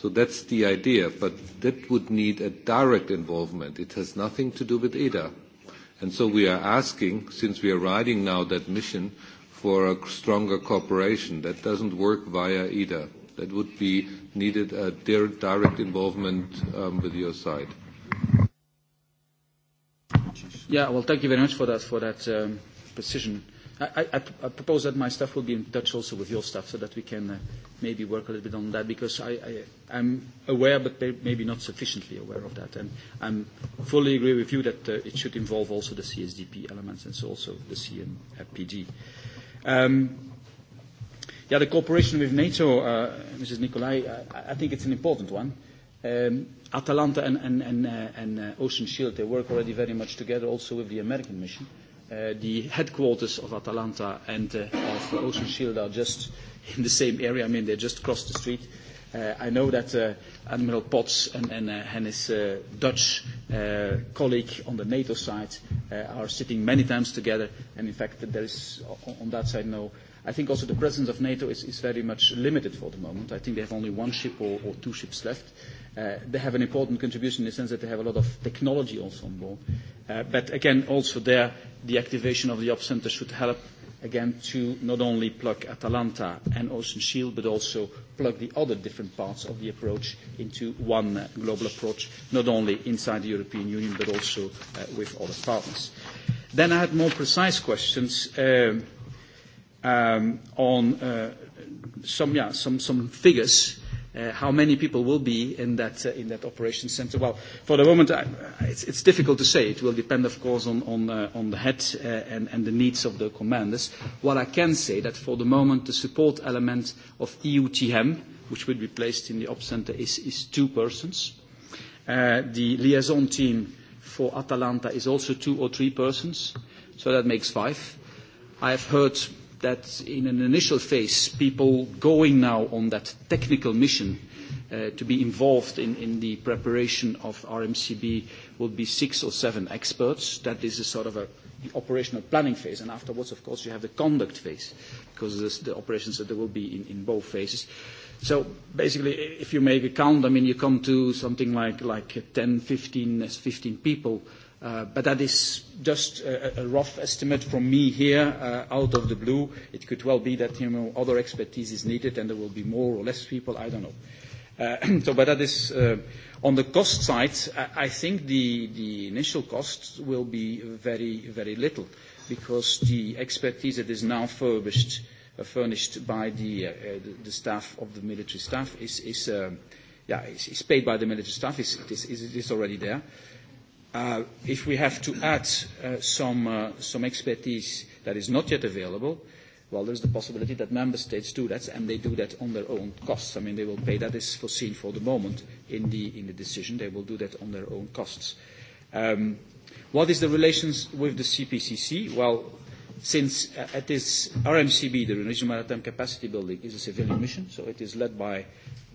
So that's the idea, but that would need a direct involvement. It has nothing to do with EDA. And so we are asking, since we are riding now that mission, for a stronger cooperation. That doesn't work via EDA. That would be needed a direct involvement um, with your side. Yeah, well, thank you very much for that, for that um, precision. I, I, I propose that my staff will be in touch also with your staff so that we can uh, maybe work a little bit on that because I, I, I'm aware but maybe not sufficiently aware of that. And I fully agree with you that uh, it should involve also the CSDP elements and so also the CNPD. Um, yeah, the cooperation with NATO, uh, Mrs. Nicolai, I, I think it's an important one. Um, Atalanta and, and, and, uh, and uh, Ocean Shield, they work already very much together also with the American mission the headquarters of Atalanta and of Ocean Shield are just in the same area. I mean, they just crossed the street. I know that Admiral Potts and his Dutch colleague on the NATO side are sitting many times together, and in fact, there is on that side no I think also the presence of NATO is, is very much limited for the moment. I think they have only one ship or, or two ships left. Uh, they have an important contribution in the sense that they have a lot of technology also on board. Uh, but again, also there, the activation of the op center should help again to not only plug Atalanta and Ocean Shield, but also plug the other different parts of the approach into one global approach, not only inside the European Union, but also uh, with other partners. Then I had more precise questions on some figures, how many people will be in that operation center? Well, for the moment, it's difficult to say. It will depend, of course, on the head and the needs of the commanders. What I can say that for the moment, the support element of EUTM, which will be placed in the op center, is two persons. The liaison team for Atalanta is also two or three persons, so that makes five. I have heard that in an initial phase, people going now on that technical mission to be involved in the preparation of RMCB will be six or seven experts. That is a sort of a operational planning phase. and Afterwards, of course, you have the conduct phase because the operations that there will be in both phases. So Basically, if you make a count, I mean, you come to something like 10, 15 people But That is just a rough estimate from me here out of the blue. It could well be that other expertise is needed, and there will be more or less people, I don't know. So, but That is on the cost side, I think the initial cost will be very little because the expertise that is now furnished by the staff of the military staff is is is paid by the military staff. It is already there if we have to add uh, some, uh, some expertise that is not yet available, well, there's the possibility that member states do that, and they do that on their own costs. I mean, they will pay, that is foreseen for the moment in the, in the decision, they will do that on their own costs. Um, what is the relations with the CPCC? Well, since uh, at this RMCB, the Regional Maritime Capacity Building, is a civilian mission, so it is led by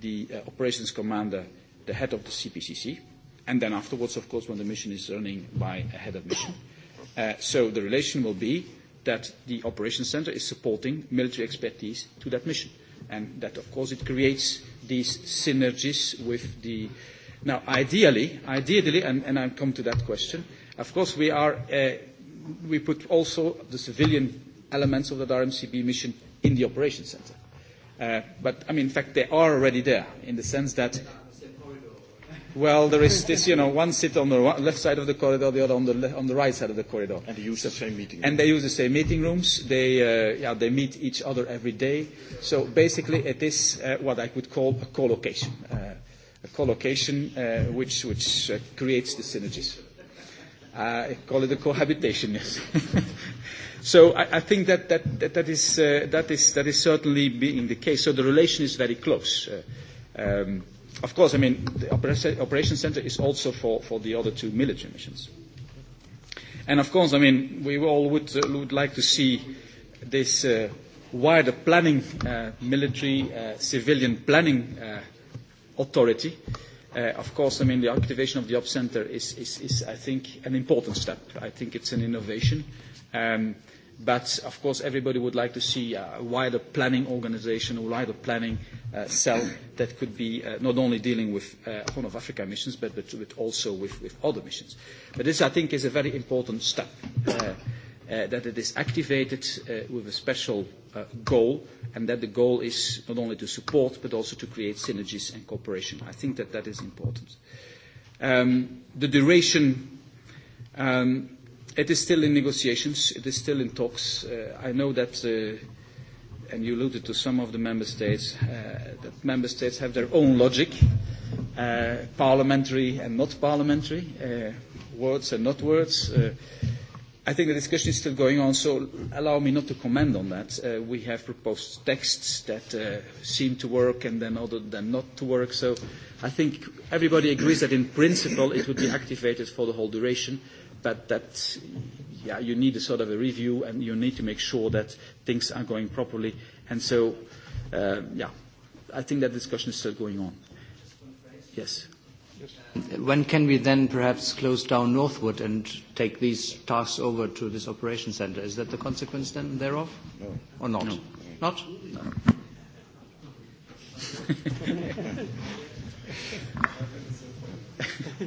the uh, operations commander, the head of the CPCC and then afterwards, of course, when the mission is running by a head of mission. Uh, so the relation will be that the operations center is supporting military expertise to that mission. And that, of course, it creates these synergies with the... Now, ideally, ideally, and, and I'll come to that question, of course, we are... Uh, we put also the civilian elements of the RMCB mission in the operations center. Uh, but, I mean, in fact, they are already there in the sense that Well, there is this, you know, one sit on the left side of the corridor, the other on the, le- on the right side of the corridor. And they use the same meeting rooms. And they use the same meeting rooms. They, uh, yeah, they meet each other every day. So basically, it is uh, what I would call a co location. uh, a co location uh, which, which uh, creates the synergies. Uh, I call it a cohabitation, yes. so I, I think that, that, that, that, is, uh, that, is, that is certainly being the case. So the relation is very close. Uh, um, Of course, I mean, the operation center is also for, for the other two military missions. And of course, I mean, we all would, uh, would like to see this uh, wider planning, uh, military, uh, civilian planning uh, authority. Uh, of course, I mean, the activation of the op center is, is, is, I think, an important step. I think it's an innovation. Um, But of course, everybody would like to see a wider planning organization, a wider planning uh, cell that could be uh, not only dealing with uh, Horn of Africa missions, but, but, but also with, with other missions. But this, I think, is a very important step. Uh, uh, that it is activated uh, with a special uh, goal, and that the goal is not only to support but also to create synergies and cooperation. I think that that is important. Um, the duration, um, it is still in negotiations. It is still in talks. Uh, I know that, uh, and you alluded to some of the member states, uh, that member states have their own logic, uh, parliamentary and not parliamentary, uh, words and not words. Uh, I think the discussion is still going on, so allow me not to comment on that. Uh, we have proposed texts that uh, seem to work and then other than not to work. So I think everybody agrees that in principle it would be activated for the whole duration but that yeah, you need a sort of a review and you need to make sure that things are going properly. And so, uh, yeah, I think that discussion is still going on. Yes. When can we then perhaps close down Northwood and take these tasks over to this operation center? Is that the consequence then thereof? No. Or not? No. Not? No.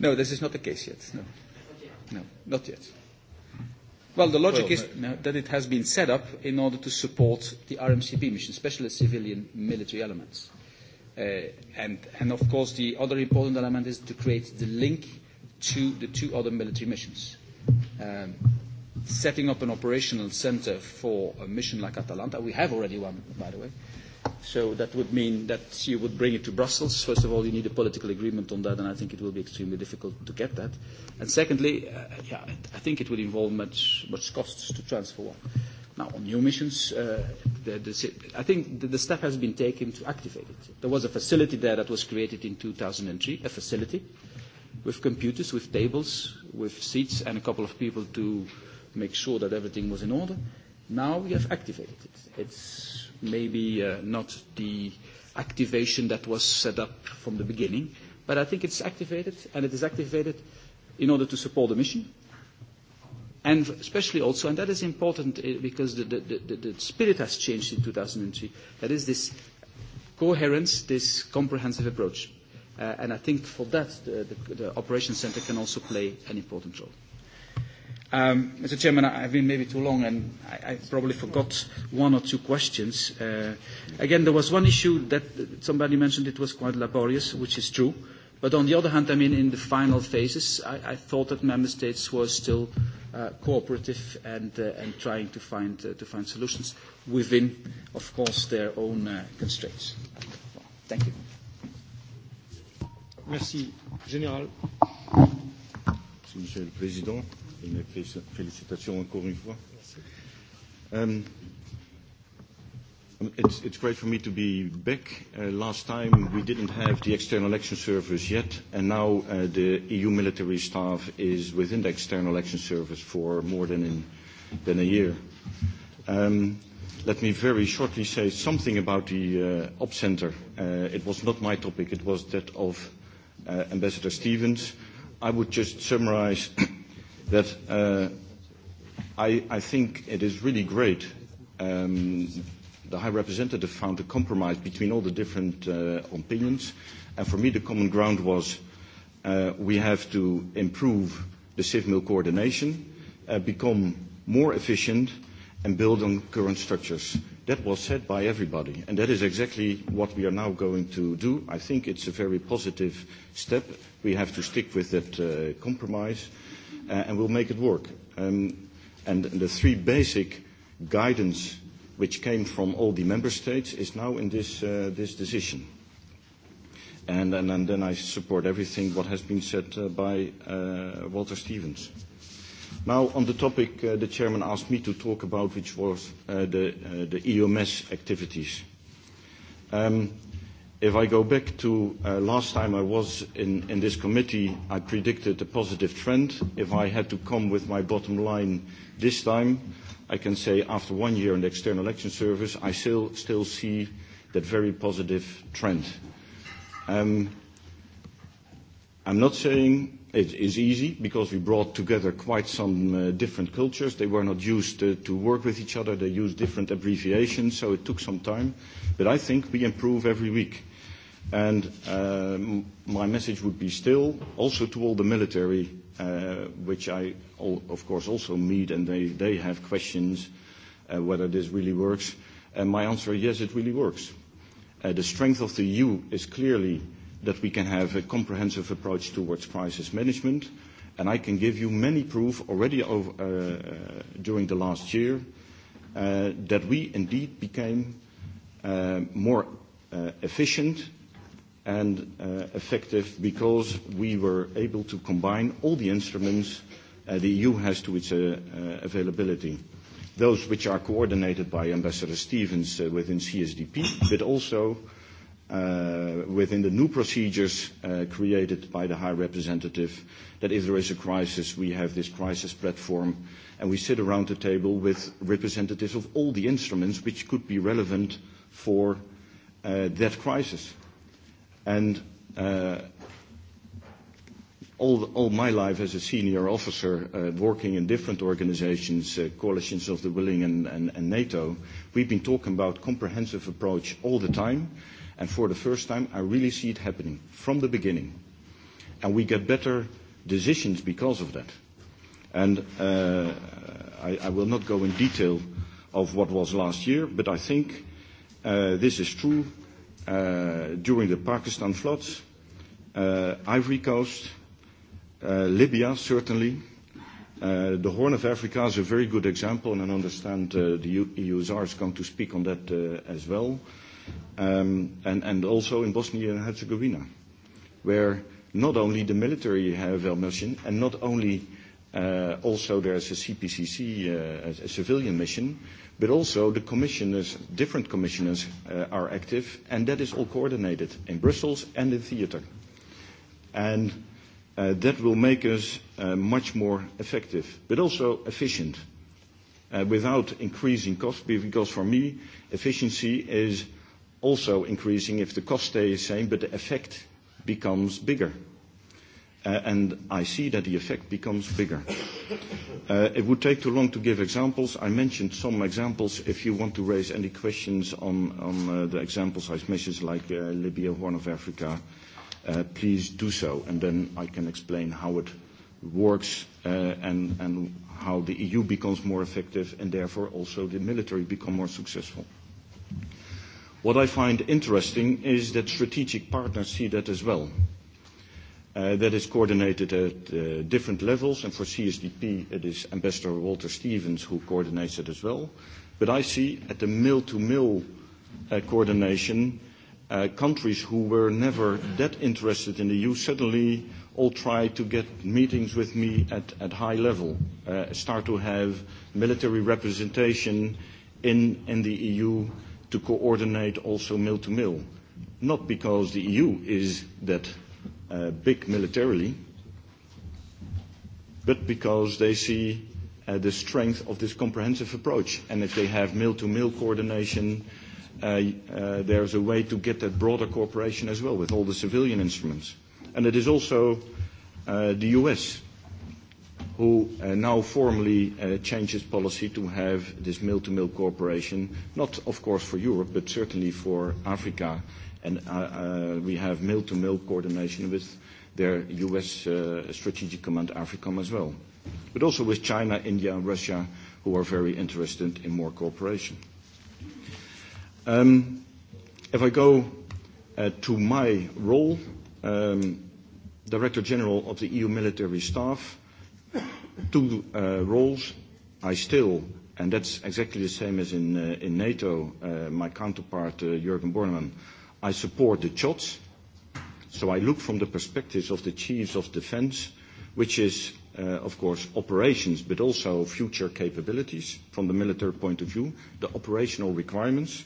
No, this is not the case yet. No, no not yet. Well, the logic is no, that it has been set up in order to support the RMCB mission, especially civilian military elements. Uh, and, and of course, the other important element is to create the link to the two other military missions. Um, setting up an operational center for a mission like Atalanta, we have already one, by the way, uh, So that would mean that you would bring it to Brussels. First of all, you need a political agreement on that, and I think it will be extremely difficult to get that. And secondly, uh, yeah, I think it would involve much, much costs to transfer one. Now, on new missions, uh, the, the, I think the, the step has been taken to activate it. There was a facility there that was created in 2003, a facility with computers, with tables, with seats, and a couple of people to make sure that everything was in order. Now we have activated it. It's maybe uh, not the activation that was set up from the beginning, but I think it's activated, and it is activated in order to support the mission, and especially also, and that is important because the, the, the, the spirit has changed in 2003, that is this coherence, this comprehensive approach. Uh, and I think for that, the, the, the Operations Center can also play an important role. Mr. Chairman, I have been maybe too long and I, I probably forgot one or two questions. Uh, again, there was one issue that somebody mentioned it was quite laborious, which is true. But on the other hand, I mean, in the final phases, I, I thought that member states were still uh, cooperative and, uh, and trying to find, uh, to find solutions within, of course, their own uh, constraints. Thank you. Merci, General. Monsieur le Président et mes félicitations encore une fois. Um, it's, it's great for me to be back. Uh, last time we didn't have the external action service yet, and now uh, the EU military staff is within the external action service for more than, in, than a year. Um, let me very shortly say something about the uh, op center. Uh, it was not my topic, it was that of uh, Ambassador Stevens. I would just summarize that uh, I, I think it is really great um, the High Representative found a compromise between all the different uh, opinions. And for me, the common ground was uh, we have to improve the civil coordination, uh, become more efficient, and build on current structures. That was said by everybody, and that is exactly what we are now going to do. I think it's a very positive step. We have to stick with that uh, compromise and we'll make it work. Um, and the three basic guidance which came from all the member states is now in this, uh, this decision. And, and, and then I support everything what has been said uh, by uh, Walter Stevens. Now, on the topic uh, the chairman asked me to talk about, which was uh, the, uh, the EOMS activities. Um, If I go back to last time I was in, in this committee, I predicted a positive trend. If I had to come with my bottom line this time, I can say after one year in the External Action Service, I still, still see that very positive trend. I'm not saying It is easy because we brought together quite some uh, different cultures. They were not used to work with each other. They used different abbreviations, so it took some time. But I think we improve every week. And my message would be still also to all the military, uh, which I, all, of course, also meet, and they, they have questions uh, whether this really works. And my answer, yes, it really works. Uh, the strength of the EU is clearly that we can have a comprehensive approach towards crisis management. And I can give you many proof already over, uh, during the last year that we indeed became uh, more uh, efficient and uh, effective because we were able to combine all the instruments uh, the EU has to its uh, uh, availability. Those which are coordinated by Ambassador Stevens within CSDP, but also within the new procedures created by the High Representative, that if there is a crisis, we have this crisis platform, and we sit around the table with representatives of all the instruments which could be relevant for that crisis. And all, all my life as a senior officer working in different organizations, coalitions of the willing and, and NATO, we've been talking about comprehensive approach all the time. And for the first time, I really see it happening from the beginning. And we get better decisions because of that. And I, I will not go in detail of what was last year, but I think this is true during the Pakistan floods, uh, Ivory Coast, Libya, certainly. the Horn of Africa is a very good example, and I understand uh, the EUSR is going to speak on that as well um, and, and also in Bosnia and Herzegovina, where not only the military have a mission and not only uh, also there's a CPCC, uh, a civilian mission, but also the commissioners, different commissioners uh, are active, and that is all coordinated in Brussels and in theatre. And uh, that will make us uh, much more effective, but also efficient, uh, without increasing costs, because for me, efficiency is – also increasing if the cost stays the same, but the effect becomes bigger. And I see that the effect becomes bigger. It would take too long to give examples. I mentioned some examples. If you want to raise any questions on the examples I've mentioned, like Libya, Horn of Africa, please do so, and then I can explain how it works and how the EU becomes more effective, and therefore also the military become more successful. What I find interesting is that strategic partners see that as well. That is coordinated at different levels, and for CSDP, it is Ambassador Walter Stevens who coordinates it as well. But I see at the mill-to-mill coordination, countries who were never that interested in the EU suddenly all try to get meetings with me at, at high level, uh, start to have military representation in, in the EU to coordinate also mill to mill, not because the EU is that uh, big militarily, but because they see uh, the strength of this comprehensive approach. And if they have mill to mill coordination, uh, uh, there's a way to get that broader cooperation as well with all the civilian instruments. And it is also uh, the US who uh, now formally uh, changes policy to have this mill-to-mill cooperation, not of course for Europe, but certainly for Africa. And uh, uh, we have mill-to-mill coordination with their U.S. Uh, Strategic Command AFRICOM as well, but also with China, India, and Russia, who are very interested in more cooperation. Um, if I go uh, to my role, um, Director General of the EU Military Staff, two uh, roles I still, and that's exactly the same as in, uh, in NATO, uh, my counterpart, uh, Jürgen Bornemann, I support the CHOTS. So I look from the perspectives of the chiefs of defense, which is, uh, of course, operations, but also future capabilities from the military point of view, the operational requirements.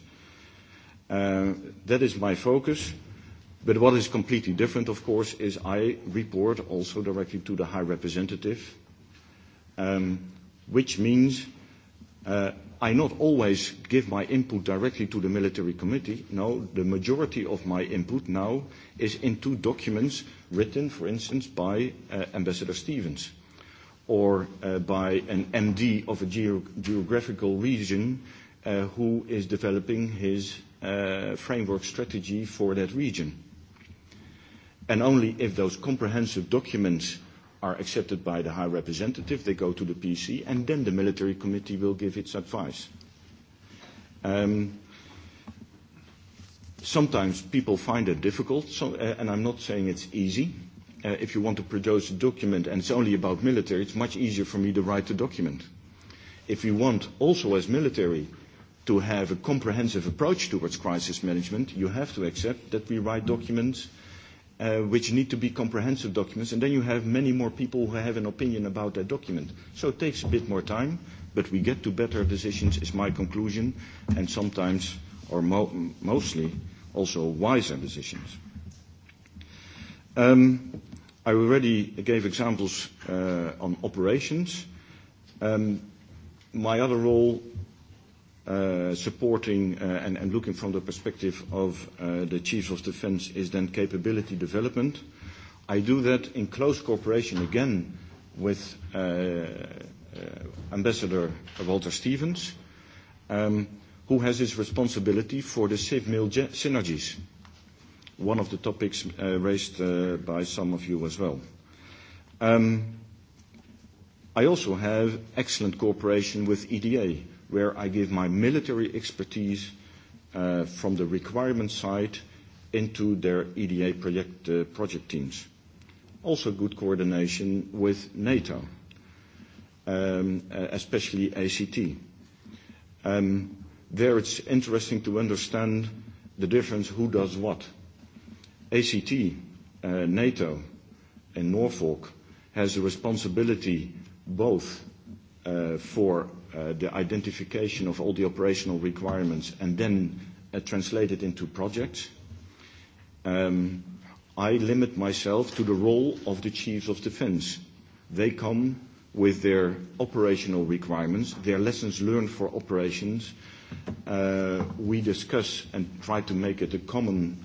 Uh, that is my focus. But what is completely different, of course, is I report also directly to the High Representative, which means I not always give my input directly to the military committee. No, the majority of my input now is into documents written, for instance, by Ambassador Stevens or by an MD of a geo- geographical region who is developing his framework strategy for that region and only if those comprehensive documents are accepted by the High Representative, they go to the PC, and then the military committee will give its advice. Um, sometimes people find it difficult, so, uh, and I'm not saying it's easy. Uh, if you want to produce a document and it's only about military, it's much easier for me to write the document. If you want, also as military, to have a comprehensive approach towards crisis management, you have to accept that we write documents – uh, which need to be comprehensive documents, and then you have many more people who have an opinion about that document. So it takes a bit more time, but we get to better decisions, is my conclusion, and sometimes, or mo- mostly, also wiser decisions. Um, I already gave examples uh, on operations. Um, my other role supporting and looking from the perspective of the chiefs of defence is then capability development. I do that in close cooperation, again, with Ambassador Walter Stevens, who has his responsibility for the civil synergies, one of the topics raised by some of you as well. I also have excellent cooperation with EDA, where I give my military expertise from the requirement side into their EDA project, project teams. Also good coordination with NATO, especially ACT. there it's interesting to understand the difference who does what. ACT, NATO, and Norfolk has a responsibility both for the identification of all the operational requirements and then translate it into projects. I limit myself to the role of the chiefs of defense. They come with their operational requirements, their lessons learned for operations. We discuss and try to make it a common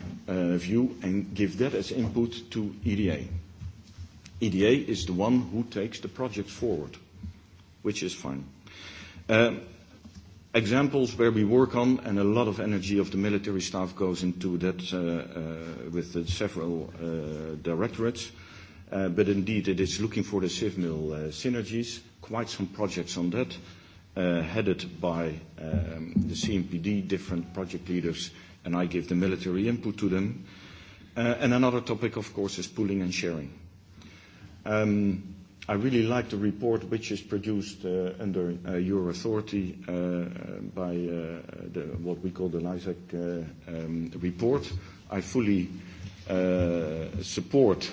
view and give that as input to EDA. EDA is the one who takes the project forward, which is fine. Examples where we work on, and a lot of energy of the military staff goes into that uh uh with the several uh directorates. uh But indeed, it is looking for the civil synergies. Quite some projects on that, uh headed by um the CMPD, different project leaders, and I give the military input to them. Uh And another topic, of course, is pooling and sharing. Um I really like the report which is produced uh, under uh, your authority uh, by uh, the, what we call the LISAC uh, um, report. I fully uh, support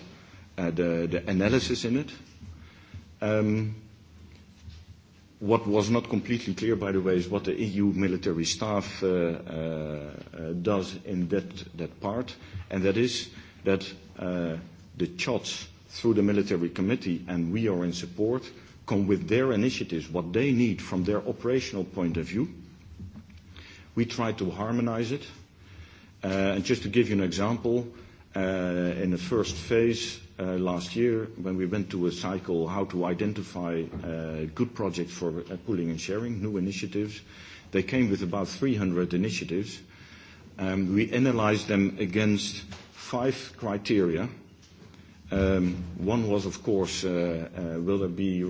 uh, the, the analysis in it. Um, what was not completely clear, by the way, is what the EU military staff uh, uh, does in that, that part, and that is that uh, the CHOTS through the military committee, and we are in support, come with their initiatives, what they need from their operational point of view. We try to harmonize it. Uh, and just to give you an example, uh, in the first phase uh, last year, when we went to a cycle how to identify uh, good projects for uh, pooling and sharing, new initiatives, they came with about 300 initiatives. Um, we analyzed them against five criteria – One was, of course, will there be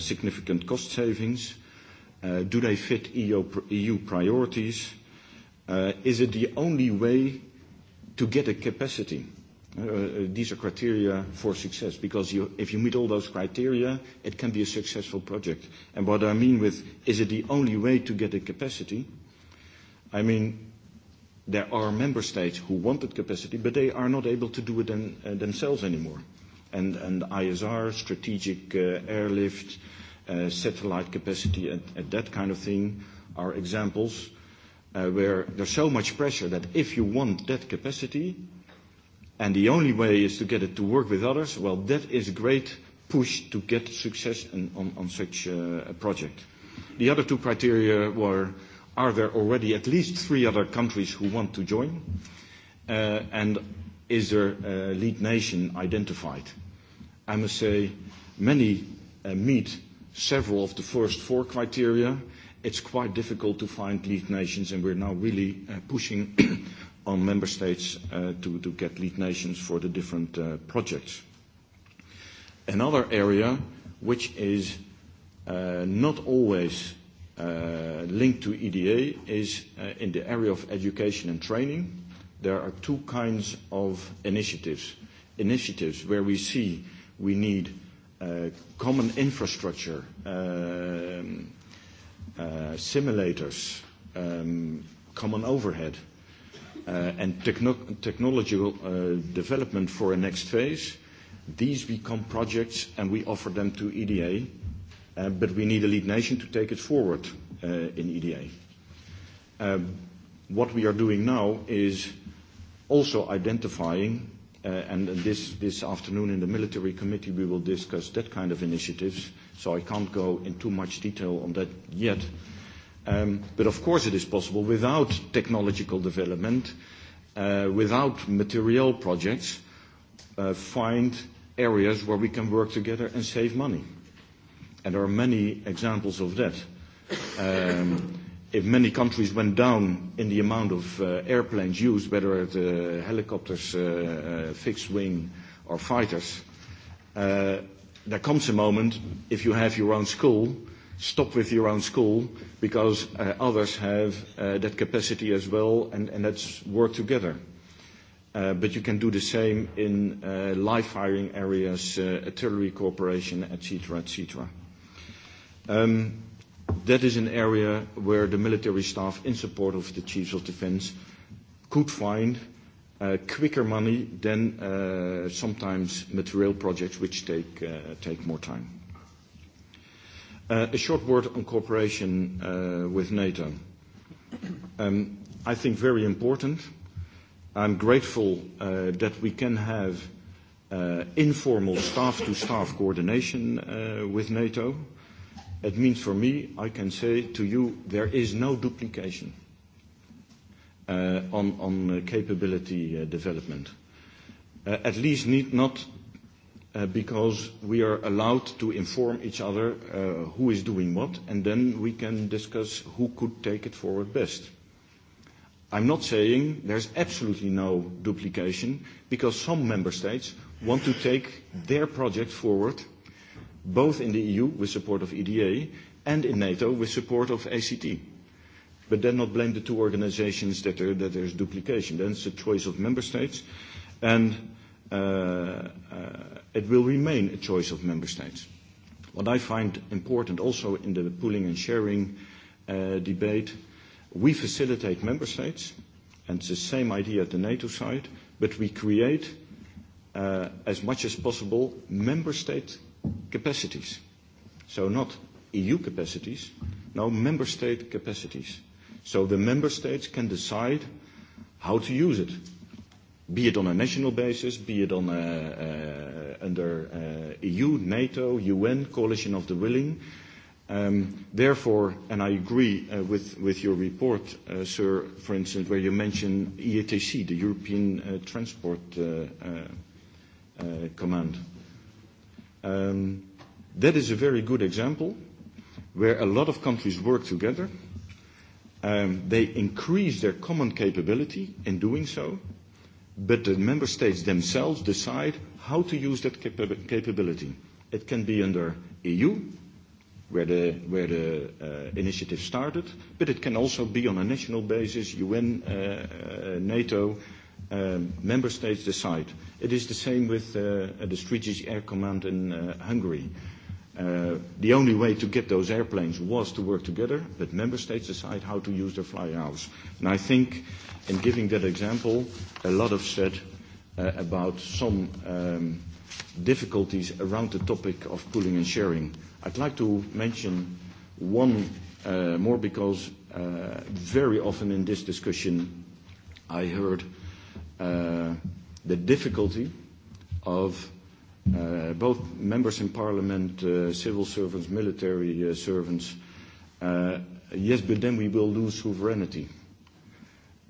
significant cost savings? Do they fit EU priorities? Is it the only way to get a capacity? These are criteria for success, because you if you meet all those criteria, it can be a successful project. And What I mean with, is it the only way to get a capacity? I mean, there are member states who wanted capacity, but they are not able to do it uh, themselves anymore. And, and ISR, strategic uh, airlift, uh, satellite capacity, and, and that kind of thing are examples uh, where there's so much pressure that if you want that capacity, and the only way is to get it to work with others, well, that is a great push to get success in, on, on such uh, a project. The other two criteria were are there already at least three other countries who want to join? Uh, and is their a lead nation identified? I must say, many uh, meet several of the first four criteria. It's quite difficult to find lead nations, and we're now really uh, pushing on member states uh, to, to get lead nations for the different uh, projects. Another area which is uh, not always linked to EDA is in the area of education and training. There are two kinds of initiatives. Initiatives where we see we need common infrastructure, simulators, common overhead, and technological development for a next phase. These become projects, and we offer them to EDA Uh, but we need a lead nation to take it forward uh, in EDA. Um, what we are doing now is also identifying, uh, and this, this afternoon in the military committee we will discuss that kind of initiatives, so I can't go in too much detail on that yet. Um, but of course it is possible without technological development, uh, without material projects, uh, find areas where we can work together and save money. And there are many examples of that. Um, if many countries went down in the amount of uh, airplanes used, whether it's uh, helicopters, uh, uh, fixed wing, or fighters, uh, there comes a moment, if you have your own school, stop with your own school because uh, others have uh, that capacity as well, and, and let's work together. Uh, but you can do the same in uh, live firing areas, uh, artillery cooperation, etc., etc. Um, that is an area where the military staff, in support of the chiefs of defense, could find uh, quicker money than uh, sometimes material projects, which take, uh, take more time. Uh, a short word on cooperation uh, with NATO. Um, I think very important. I'm grateful uh, that we can have uh, informal staff-to-staff coordination uh, with NATO. It means for me, I can say to you, there is no duplication on capability development. At least not because we are allowed to inform each other who is doing what, and then we can discuss who could take it forward best. I'm not saying there's absolutely no duplication because some member states want to take their project forward both in the EU with support of EDA and in NATO with support of ACT. But then not blame the two organizations that, are, that there's duplication. Then it's a choice of member states, and uh, uh, it will remain a choice of member states. What I find important also in the pooling and sharing uh, debate, we facilitate member states, and it's the same idea at the NATO side, but we create, uh, as much as possible, member state capacities. So not EU capacities, no member state capacities. So the member states can decide how to use it, be it on a national basis, be it on a, uh, under EU, NATO, UN, coalition of the willing. Um, therefore, and I agree uh, with, with your report, uh, sir, for instance, where you mention EATC, the European uh, Transport uh, uh, Command. Um, that is a very good example where a lot of countries work together. Um, they increase their common capability in doing so, but the member states themselves decide how to use that capa- capability. It can be under EU, where the, where the uh, initiative started, but it can also be on a national basis, UN, uh, uh, NATO, um, member states decide. It is the same with uh, the Strategic Air Command in uh, Hungary. Uh, the only way to get those airplanes was to work together, but member states decide how to use their fly hours. And I think in giving that example, a lot of said uh, about some um, difficulties around the topic of pooling and sharing. I'd like to mention one uh, more because uh, very often in this discussion I heard – uh, the difficulty of uh, both members in parliament, uh, civil servants, military uh, servants. Uh, yes, but then we will lose sovereignty.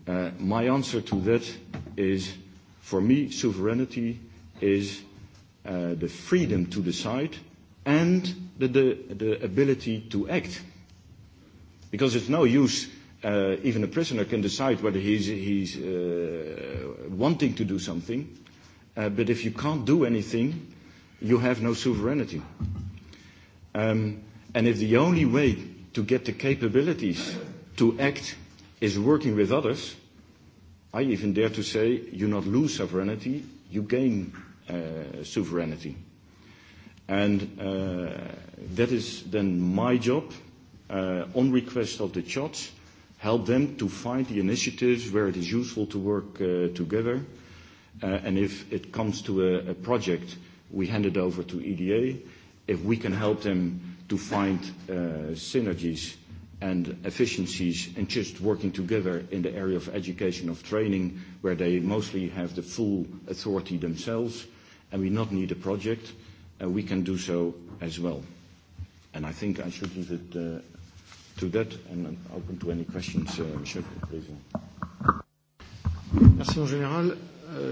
Uh, my answer to that is, for me, sovereignty is uh, the freedom to decide and the, the, the ability to act. Because it's no use uh, even a prisoner can decide whether he's, he's uh, wanting to do something, uh, but if you can't do anything, you have no sovereignty. Um, and if the only way to get the capabilities to act is working with others, I even dare to say you not lose sovereignty, you gain uh, sovereignty. And uh, that is then my job uh, on request of the CHOTS help them to find the initiatives where it is useful to work uh, together. Uh, and if it comes to a, a project, we hand it over to EDA. If we can help them to find uh, synergies and efficiencies and just working together in the area of education, of training, where they mostly have the full authority themselves, and we not need a project, uh, we can do so as well. And I think I should leave it uh to that, and I'm open to any questions, Monsieur le Président. Merci, mon général.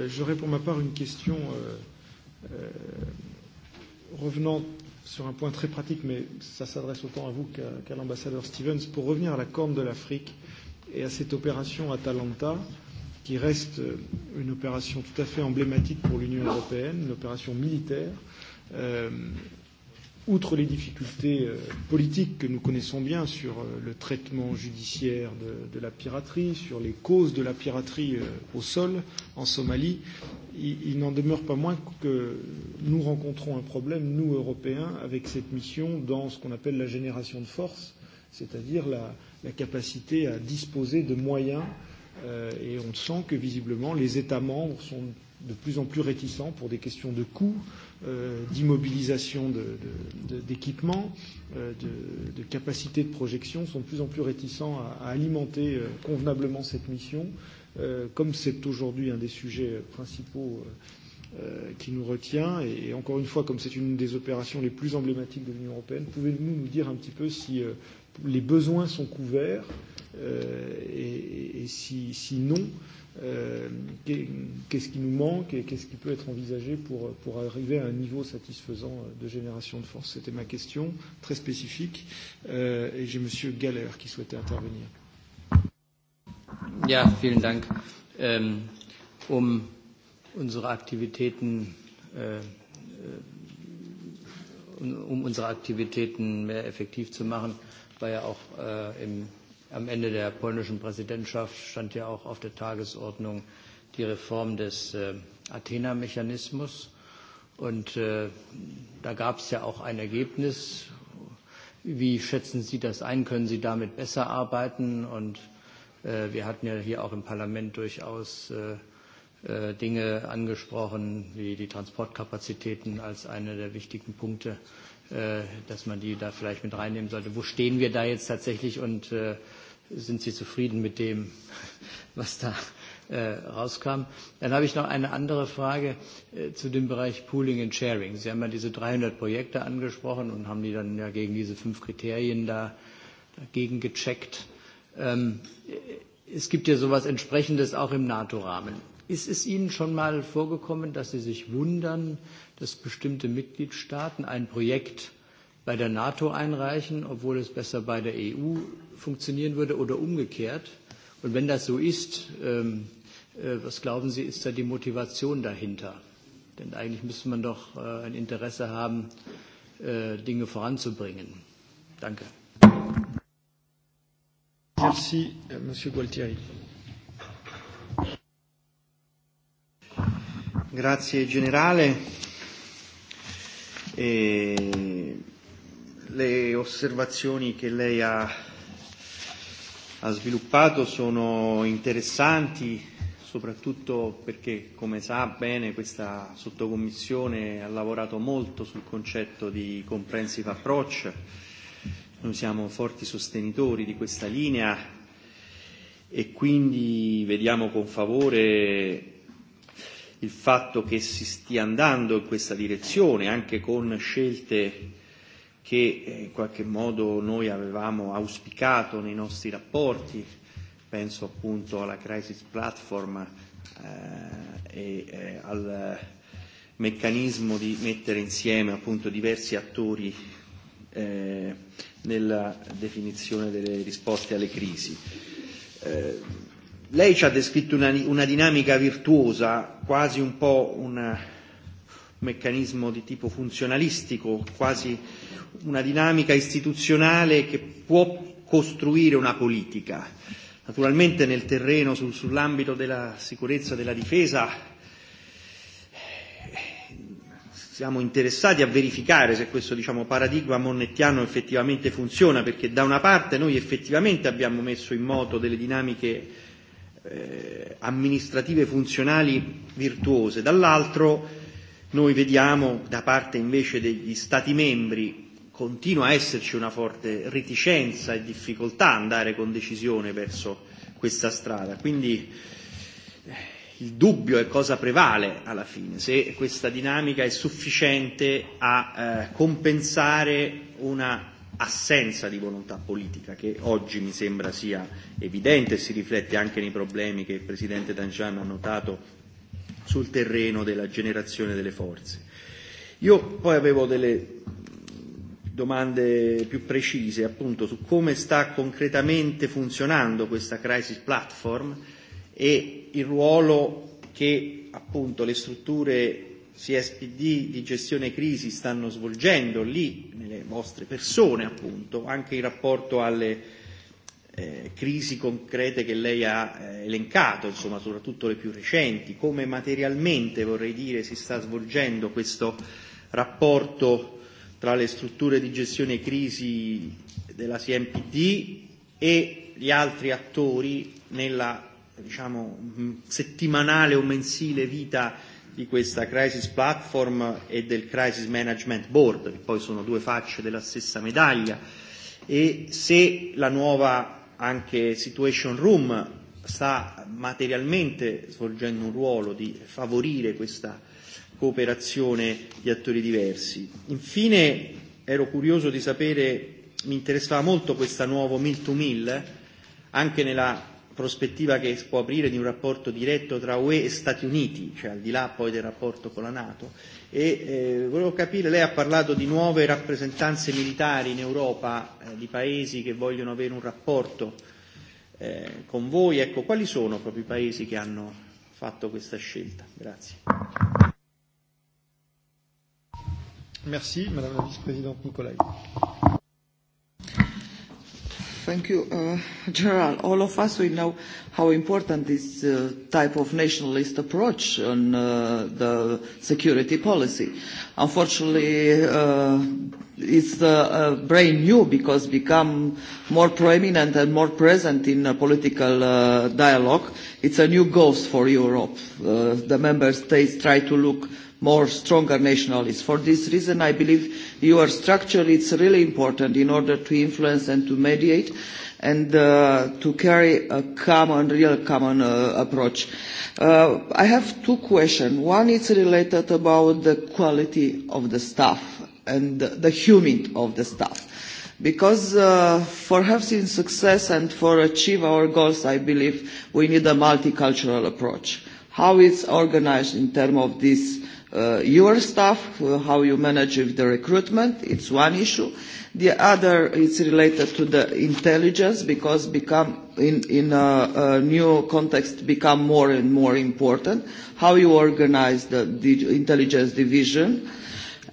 J'aurais pour ma part une question revenant sur un point très pratique, mais ça s'adresse autant à vous qu'à l'ambassadeur Stevens, pour revenir à la Corne de l'Afrique et à cette opération Atalanta, qui reste une opération tout à fait emblématique pour l'Union européenne, une opération militaire outre les difficultés politiques que nous connaissons bien sur le traitement judiciaire de, de la piraterie, sur les causes de la piraterie au sol en Somalie, il, il n'en demeure pas moins que nous rencontrons un problème, nous Européens, avec cette mission dans ce qu'on appelle la génération de force, c'est-à-dire la, la capacité à disposer de moyens. Euh, et on sent que visiblement les États membres sont de plus en plus réticents pour des questions de coûts, euh, d'immobilisation d'équipement, de, de, de, euh, de, de capacités de projection sont de plus en plus réticents à, à alimenter euh, convenablement cette mission, euh, comme c'est aujourd'hui un des sujets principaux. Euh, qui nous retient. Et, encore une fois, comme c'est une des opérations les plus emblématiques de l'Union européenne, pouvez-vous nous dire un petit peu si les besoins sont couverts et, et si, si non, qu'est-ce qui nous manque et qu'est-ce qui peut être envisagé pour, pour arriver à un niveau satisfaisant de génération de force C'était ma question, très spécifique. et j'ai Monsieur Galler qui souhaitait intervenir. Ja, vielen Dank. Ähm, um unsere Aktivitäten, um unsere Aktivitäten mehr effektiv zu machen, war ja auch im, am Ende der polnischen Präsidentschaft stand ja auch auf der Tagesordnung die Reform des Athena-Mechanismus. Und da gab es ja auch ein Ergebnis. Wie schätzen Sie das ein? Können Sie damit besser arbeiten? Und wir hatten ja hier auch im Parlament durchaus äh, Dinge angesprochen, wie die Transportkapazitäten als einer der wichtigen Punkte, dass man die da vielleicht mit reinnehmen sollte. Wo stehen wir da jetzt tatsächlich und sind Sie zufrieden mit dem, was da rauskam? Dann habe ich noch eine andere Frage zu dem Bereich Pooling and Sharing. Sie haben ja diese 300 Projekte angesprochen und haben die dann ja gegen diese fünf Kriterien da dagegen gecheckt. Es gibt ja sowas Entsprechendes auch im NATO-Rahmen Ist es Ihnen schon mal vorgekommen, dass Sie sich wundern, dass bestimmte Mitgliedstaaten ein Projekt bei der NATO einreichen, obwohl es besser bei der EU funktionieren würde oder umgekehrt? Und wenn das so ist, was glauben Sie, ist da die Motivation dahinter? Denn eigentlich müsste man doch ein Interesse haben, Dinge voranzubringen. Danke. Merci, Monsieur Gualtieri. grazie generale. E le osservazioni che lei ha, ha sviluppato sono interessanti, soprattutto perché, come sa bene, questa sottocommissione ha lavorato molto sul concetto di comprehensive approach. Noi siamo forti sostenitori di questa linea e quindi vediamo con favore il fatto che si stia andando in questa direzione, anche con scelte che in qualche modo noi avevamo auspicato nei nostri rapporti, penso appunto alla Crisis Platform eh, e eh, al meccanismo di mettere insieme appunto diversi attori eh, nella definizione delle risposte alle crisi. Eh, Lei ci ha descritto una, una dinamica virtuosa, quasi un po' un meccanismo di tipo funzionalistico, quasi una dinamica istituzionale che può costruire una politica. Naturalmente nel terreno, sul, sull'ambito della sicurezza e della difesa, siamo interessati a verificare se questo diciamo, paradigma monnettiano effettivamente funziona, perché da una parte noi effettivamente abbiamo messo in moto delle dinamiche eh, amministrative funzionali virtuose, dall'altro noi vediamo da parte invece degli Stati membri continua a esserci una forte reticenza e difficoltà ad andare con decisione verso questa strada. Quindi il dubbio è cosa prevale alla fine, se questa dinamica è sufficiente a eh, compensare una assenza di volontà politica che oggi mi sembra sia evidente e si riflette anche nei problemi che il Presidente Danjan ha notato sul terreno della generazione delle forze. Io poi avevo delle domande più precise appunto su come sta concretamente funzionando questa crisis platform e il ruolo che appunto le strutture CSPD di gestione crisi stanno svolgendo lì, nelle vostre persone appunto, anche in rapporto alle eh, crisi concrete che lei ha eh, elencato, insomma, soprattutto le più recenti, come materialmente vorrei dire si sta svolgendo questo rapporto tra le strutture di gestione crisi della CMPD e gli altri attori nella diciamo, settimanale o mensile vita di questa Crisis Platform e del Crisis Management Board, che poi sono due facce della stessa medaglia, e se la nuova anche Situation Room sta materialmente svolgendo un ruolo di favorire questa cooperazione di attori diversi. Infine ero curioso di sapere, mi interessava molto questa nuova mill to mill, anche nella prospettiva che può aprire di un rapporto diretto tra UE e Stati Uniti, cioè al di là poi del rapporto con la Nato. E eh, volevo capire, lei ha parlato di nuove rappresentanze militari in Europa, eh, di paesi che vogliono avere un rapporto eh, con voi, ecco, quali sono proprio i paesi che hanno fatto questa scelta? Grazie. Merci, Madame la Vice-Présidente Nicolai. Thank you, uh, All of us, we know how important this uh, type of nationalist approach on uh, the security policy. Unfortunately, uh, it's uh, uh, brand new because become more prominent and more present in a political uh, dialogue. It's a new ghost for Europe. Uh, the member states try to look more stronger nationalists. For this reason, I believe your structure is really important in order to influence and to mediate and uh, to carry a common, real common uh, approach. Uh, I have two questions. One is related about the quality of the staff and the human of the staff. Because uh, for having success and for achieve our goals, I believe we need a multicultural approach. How it's organized in terms of this your staff, how you manage with the recruitment. It's one issue. The other is related to the intelligence because become in, in a, a new context become more and more important. How you organize the, the intelligence division.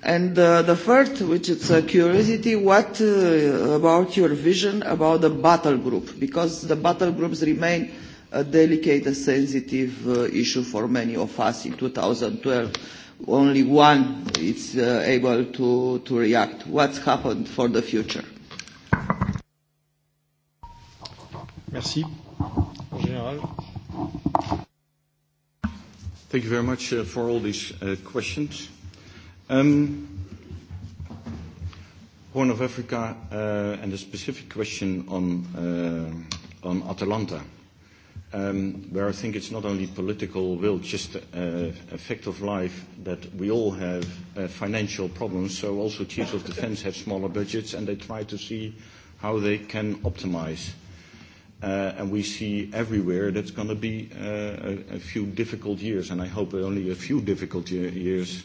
And uh, the third, which is a curiosity, what uh, about your vision about the battle group? Because the battle groups remain a delicate, a sensitive uh, issue for many of us in 2012 only one is uh, able to, to react. What's happened for the future? Merci. Thank you very much uh, for all these uh, questions. Um, Horn of Africa uh, and a specific question on, uh, on Atalanta um, where I think it's not only political will, just uh, a fact of life that we all have uh, financial problems. So also chiefs of defence have smaller budgets, and they try to see how they can optimise. Uh, and we see everywhere that's going to be uh, a, a few difficult years, and I hope only a few difficult years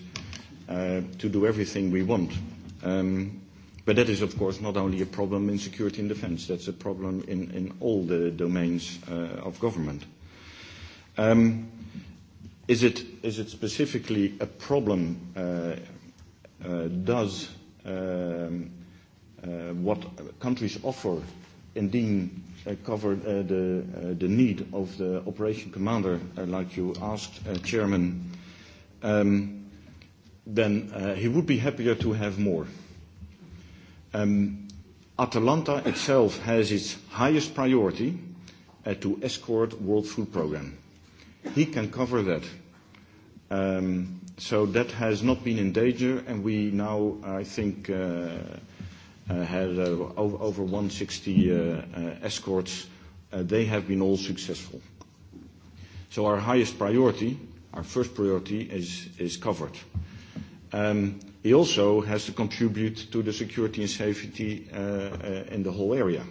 uh, to do everything we want. Um, But that is, of course, not only a problem in security and defense, that's a problem in, in all the domains uh, of government. Um, is, it, is it specifically a problem? Uh, uh, does um, uh, what countries offer indeed uh, cover uh, the, uh, the need of the operation commander, uh, like you asked, uh, Chairman? Um, then uh, he would be happier to have more. Atalanta itself has its highest priority to escort World Food Programme. He can cover that. Um, so that has not been in danger, and we now, I think, uh, uh, had uh, over 160 uh, uh, escorts. Uh, they have been all successful. So our highest priority, our first priority, is, is covered. Um, he also has to contribute to the security and safety uh, uh, in the whole area.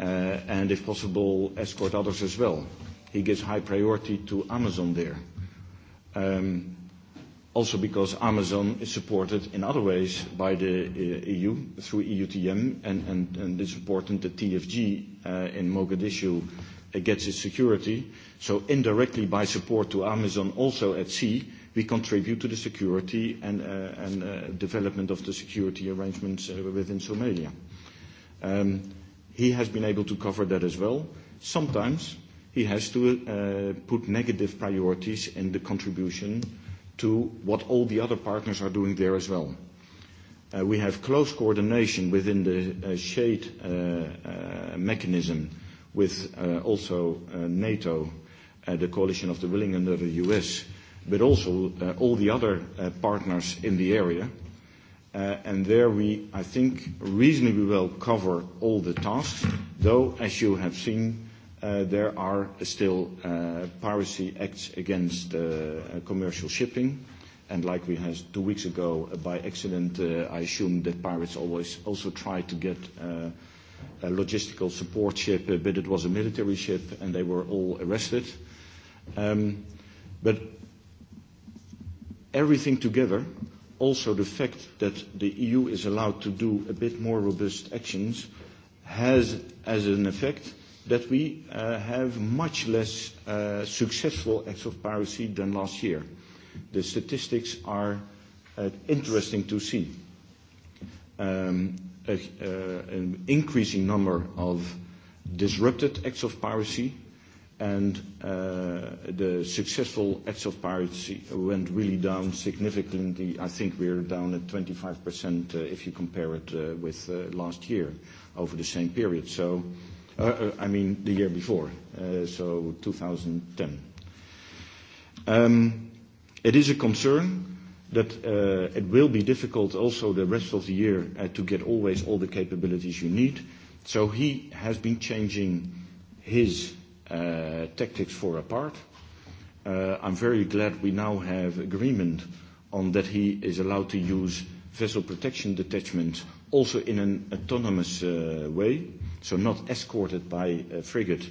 Uh, and if possible, escort others as well. He gives high priority to Amazon there. Um, also because Amazon is supported in other ways by the uh, EU through EUTM, and, and, and it's important that TFG uh, in Mogadishu uh, gets its security. So indirectly by support to Amazon also at sea, we contribute to the security and, uh, and uh, development of the security arrangements uh, within Somalia. Um, he has been able to cover that as well. Sometimes he has to uh, put negative priorities in the contribution to what all the other partners are doing there as well. Uh, we have close coordination within the uh, SHADE uh, uh, mechanism with uh, also uh, NATO, uh, the coalition of the willing under the US, but also uh, all the other uh, partners in the area. Uh, and there we, I think, reasonably well cover all the tasks, though, as you have seen, uh, there are still uh, piracy acts against uh, commercial shipping. And like we had two weeks ago, uh, by accident, uh, I assume that pirates always also try to get uh, a logistical support ship, but it was a military ship, and they were all arrested. Um, but everything together, also the fact that the EU is allowed to do a bit more robust actions, has as an effect that we uh, have much less uh, successful acts of piracy than last year. The statistics are uh, interesting to see. Um, a, uh, an increasing number of disrupted acts of piracy, and uh, the successful acts of piracy went really down significantly. I think we're down at 25% uh, if you compare it uh, with uh, last year over the same period. So, uh, uh, I mean, the year before, uh, so 2010. Um, it is a concern that uh, it will be difficult also the rest of the year uh, to get always all the capabilities you need. So he has been changing his uh, tactics far apart. I'm very glad we now have agreement on that he is allowed to use vessel protection detachment also in an autonomous way, so not escorted by a frigate,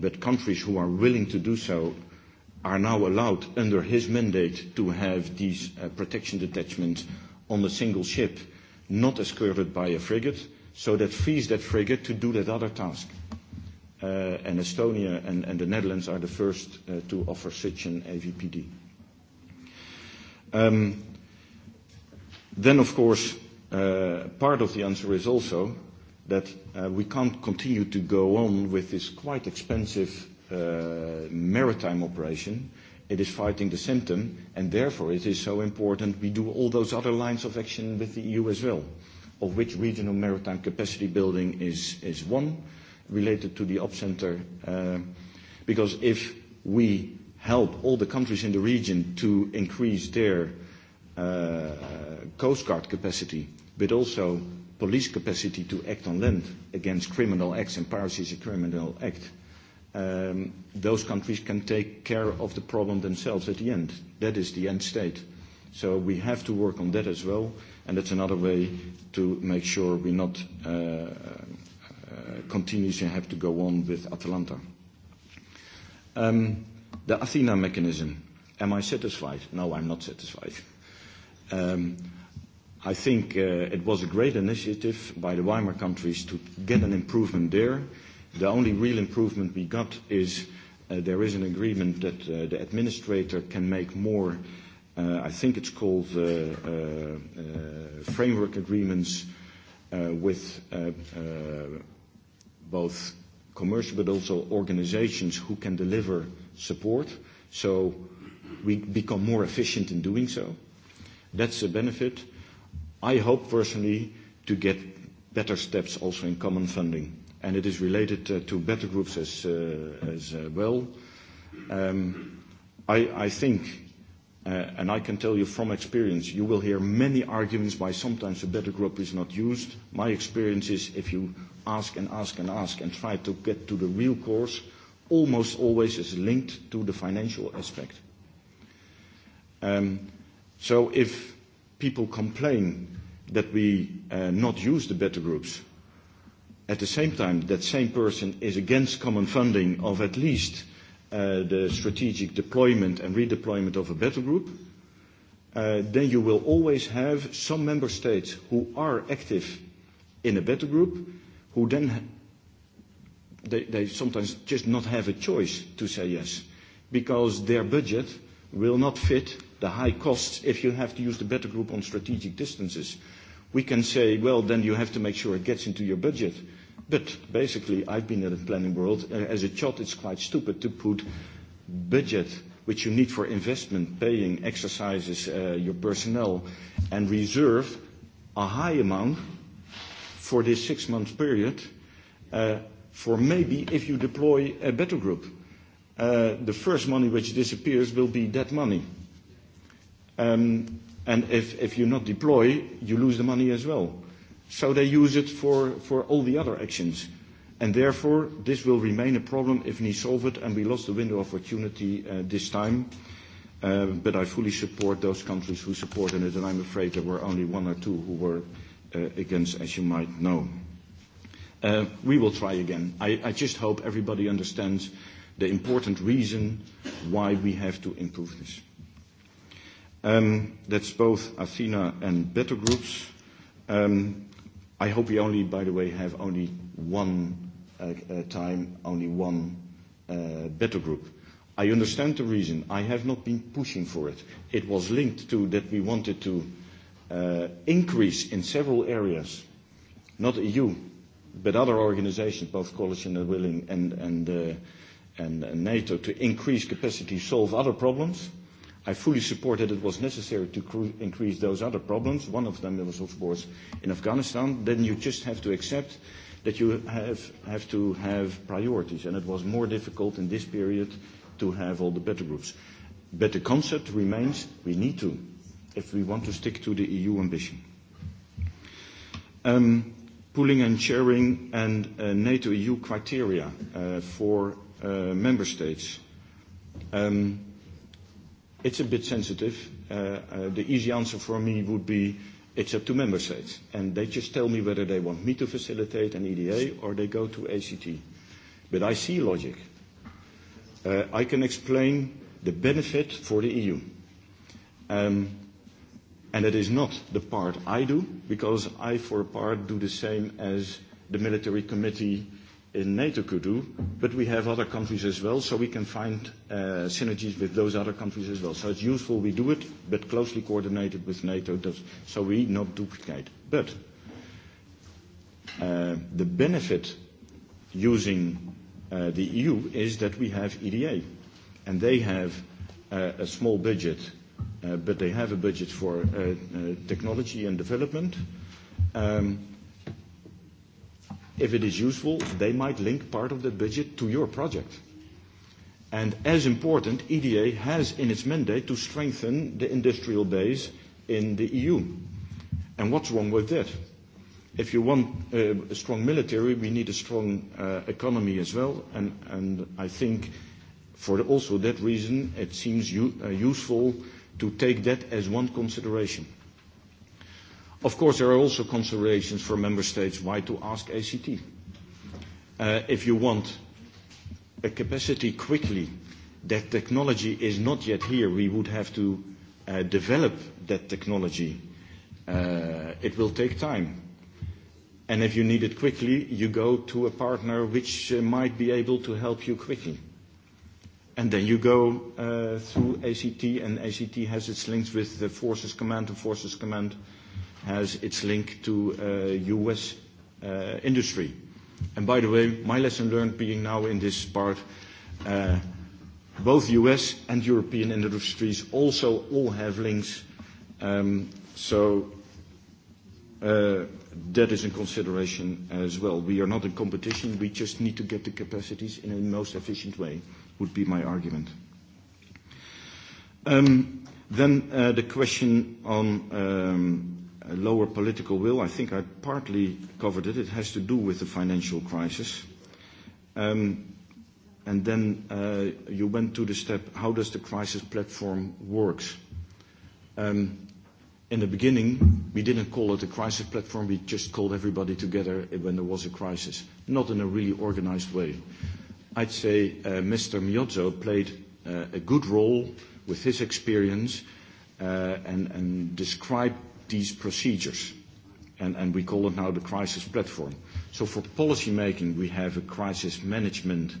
but countries who are willing to do so are now allowed under his mandate to have these protection detachments on a single ship, not escorted by a frigate, so that frees that frigate to do that other task and Estonia and, and the Netherlands are the first to offer such an AVPD. then, of course, part of the answer is also that we can't continue to go on with this quite expensive maritime operation. It is fighting the symptom, and therefore it is so important we do all those other lines of action with the EU as well, of which regional maritime capacity building is, is one, related to the op center. Because if we help all the countries in the region to increase their coast guard capacity, but also police capacity to act on land against criminal acts, and piracy is a criminal act, um, those countries can take care of the problem themselves at the end. That is the end state. So we have to work on that as well, and that's another way to make sure we're not uh, continues you have to go on with Atalanta. the Athena mechanism. Am I satisfied? No, I'm not satisfied. I think uh, it was a great initiative by the Weimar countries to get an improvement there. The only real improvement we got is there is an agreement that the administrator can make more, I think it's called framework agreements with both commercial but also organizations who can deliver support. So we become more efficient in doing so. That's a benefit. I hope personally to get better steps also in common funding, and it is related to better groups as, uh, as well. I, I think, uh, and I can tell you from experience, you will hear many arguments why sometimes a better group is not used. My experience is if you ask and ask and ask and try to get to the real cause almost always is linked to the financial aspect. Um, so if people complain that we uh, not use the better groups, at the same time that same person is against common funding of at least uh, the strategic deployment and redeployment of a better group, uh, then you will always have some member states who are active in a better group who then they, they sometimes just not have a choice to say yes because their budget will not fit the high costs if you have to use the better group on strategic distances. We can say, well, then you have to make sure it gets into your budget. But basically, I've been in the planning world. As a child it's quite stupid to put budget, which you need for investment, paying, exercises, uh, your personnel, and reserve a high amount for this six-month period for maybe if you deploy a battle group. The first money which disappears will be that money. And if you not deploy, you lose the money as well. So they use it for all the other actions. And therefore, this will remain a problem if we solve it, and we lost the window of opportunity this time. But I fully support those countries who supported it, and I'm afraid there were only one or two who were against, as you might know. We will try again. I just hope everybody understands the important reason why we have to improve this. That's both Athena and Better Groups. I hope we only, by the way, have only one time, only one Better Group. I understand the reason. I have not been pushing for it. It was linked to that we wanted to uh, increase in several areas, not EU, but other organizations, both coalition and willing and, and, uh, and, and NATO, to increase capacity, solve other problems. I fully support that it was necessary to increase those other problems. One of them was, of course, in Afghanistan. Then you just have to accept that you have, have to have priorities. And it was more difficult in this period to have all the better groups. But the concept remains we need to if we want to stick to the EU ambition. Um, pooling and sharing and uh, NATO-EU criteria uh, for uh, member states. Um, it's a bit sensitive. Uh, uh, the easy answer for me would be it's up to member states. And they just tell me whether they want me to facilitate an EDA or they go to ACT. But I see logic. Uh, I can explain the benefit for the EU. Um, And is not the part I do, because I, for a part, do the same as the military committee in NATO could do, but we have other countries as well, so we can find uh, synergies with those other countries as well. So it's useful we do it, but closely coordinated with NATO, does, so we not duplicate. But uh, the benefit using uh, the EU is that we have EDA, and they have uh, a small budget but they have a budget for uh, technology and development. Um, if it is useful, they might link part of that budget to your project. And as important, EDA has in its mandate to strengthen the industrial base in the EU. And what's wrong with that? If you want a strong military, we need a strong uh, economy as well. And, and I think for also that reason, it seems useful to take that as one consideration. Of course, there are also considerations for member states why to ask ACT. Uh, if you want a capacity quickly, that technology is not yet here. We would have to uh, develop that technology. Uh, it will take time. And if you need it quickly, you go to a partner which uh, might be able to help you quickly. And then you go uh, through ACT, and ACT has its links with the Forces Command, and Forces Command has its link to uh, US uh, industry. And by the way, my lesson learned being now in this part, uh, both US and European industries also all have links. Um, so uh, that is in consideration as well. We are not in competition, we just need to get the capacities in a most efficient way would be my argument. Um, then uh, the question on um, lower political will, I think I partly covered it. It has to do with the financial crisis. Um, and then uh, you went to the step, how does the crisis platform work? Um, in the beginning, we didn't call it a crisis platform. We just called everybody together when there was a crisis, not in a really organized way. I'd say Mr. Miozzo played a good role with his experience and described these procedures, and we call it now the crisis platform. So for policymaking, we have a crisis management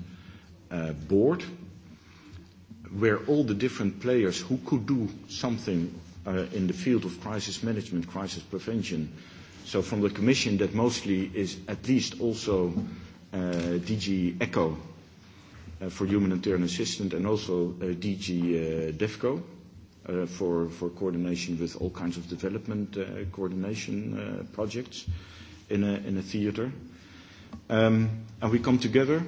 board where all the different players who could do something in the field of crisis management, crisis prevention. So from the commission, that mostly is at least also DG ECHO for humanitarian assistance and also DG DEFCO for coordination with all kinds of development coordination projects in a theater. We come together.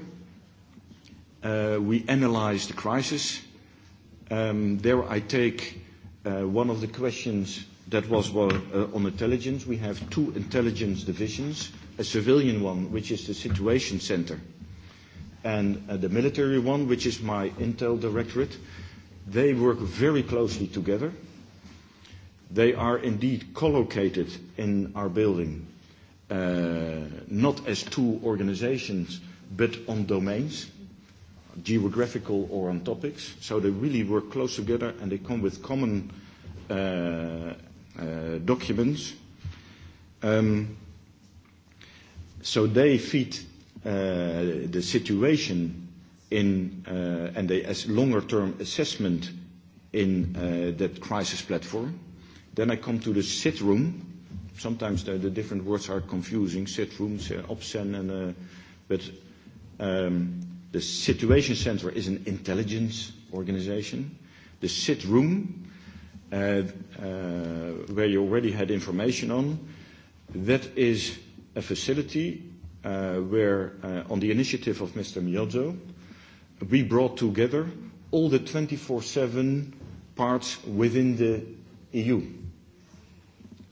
We analyze the crisis. There I take one of the questions that was on intelligence. We have two intelligence divisions, a civilian one, which is the Situation Center, and uh, the military one, which is my intel directorate. They work very closely together. They are indeed collocated in our building, uh, not as two organizations, but on domains, geographical or on topics. So they really work close together and they come with common uh, uh, documents. Um, so they feed the situation in uh, and the as longer-term assessment in uh, that crisis platform. Then I come to the sit room. Sometimes the, the different words are confusing. Sit rooms, uh, OPSEN, and uh, but um, the Situation Center is an intelligence organization. The sit room, uh, uh, where you already had information on, that is a facility uh, where, uh, on the initiative of Mr. Miozzo, we brought together all the 24-7 parts within the EU,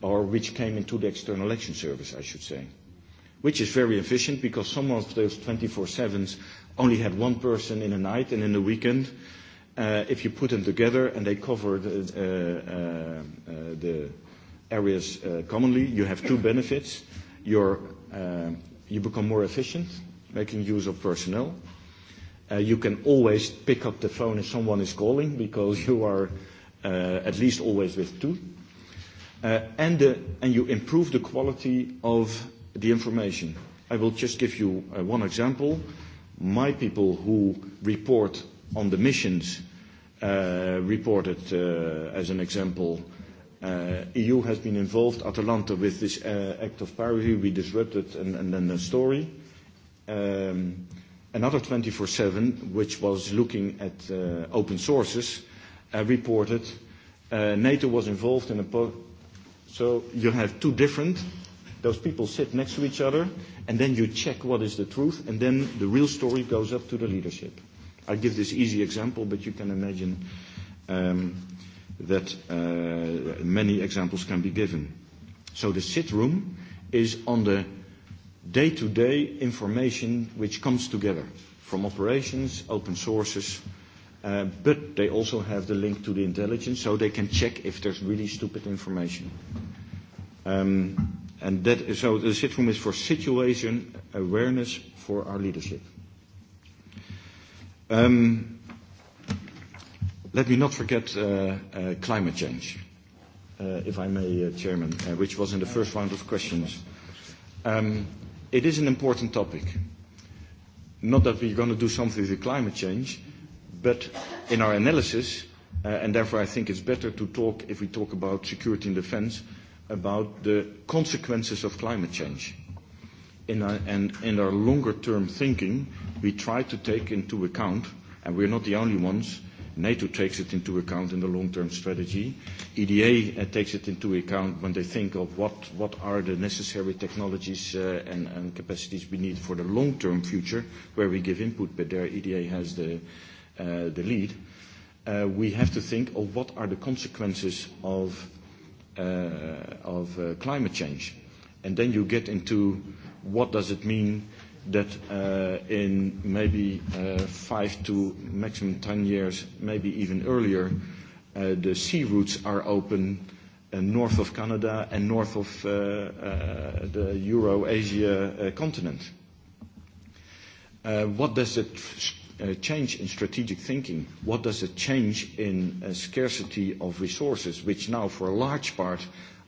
or which came into the External Action Service, I should say, which is very efficient because some of those 24-7s only had one person in a night and in the weekend. Uh, if you put them together and they cover the, uh, uh, the areas uh, commonly, you have two benefits. Your uh, you become more efficient, making use of personnel. you can always pick up the phone if someone is calling because you are uh, at least always with two. and, the, and you improve the quality of the information. I will just give you uh, one example. My people who report on the missions uh, reported, uh, as an example, Uh, EU has been involved, Atalanta, with this uh, act of piracy. We disrupted and, and then the story. Um, another 24-7, which was looking at uh, open sources, uh, reported uh, NATO was involved in a... Po- so you have two different. Those people sit next to each other, and then you check what is the truth, and then the real story goes up to the leadership. I give this easy example, but you can imagine... Um, that uh, many examples can be given. So the sit room is on the day-to-day information which comes together from operations, open sources, uh, but they also have the link to the intelligence so they can check if there's really stupid information. Um, and that, so the sit room is for situation awareness for our leadership. Um, Let me not forget climate change, if I may, Chairman, which was in the first round of questions. it is an important topic. Not that we're going to do something with climate change, but in our analysis, and therefore I think it's better to talk, if we talk about security and defense, about the consequences of climate change. In our, and in our longer term thinking, we try to take into account, and we're not the only ones, NATO takes it into account in the long-term strategy. EDA uh, takes it into account when they think of what, what are the necessary technologies uh, and, and capacities we need for the long-term future, where we give input, but there EDA has the, uh, the lead. Uh, we have to think of what are the consequences of, uh, of uh, climate change. And then you get into what does it mean that uh, in maybe uh, five to maximum 10 years, maybe even earlier, uh, the sea routes are open north of Canada and north of uh, uh, the Euro-Asia uh, continent. Uh, what does it uh, change in strategic thinking? What does it change in scarcity of resources, which now for a large part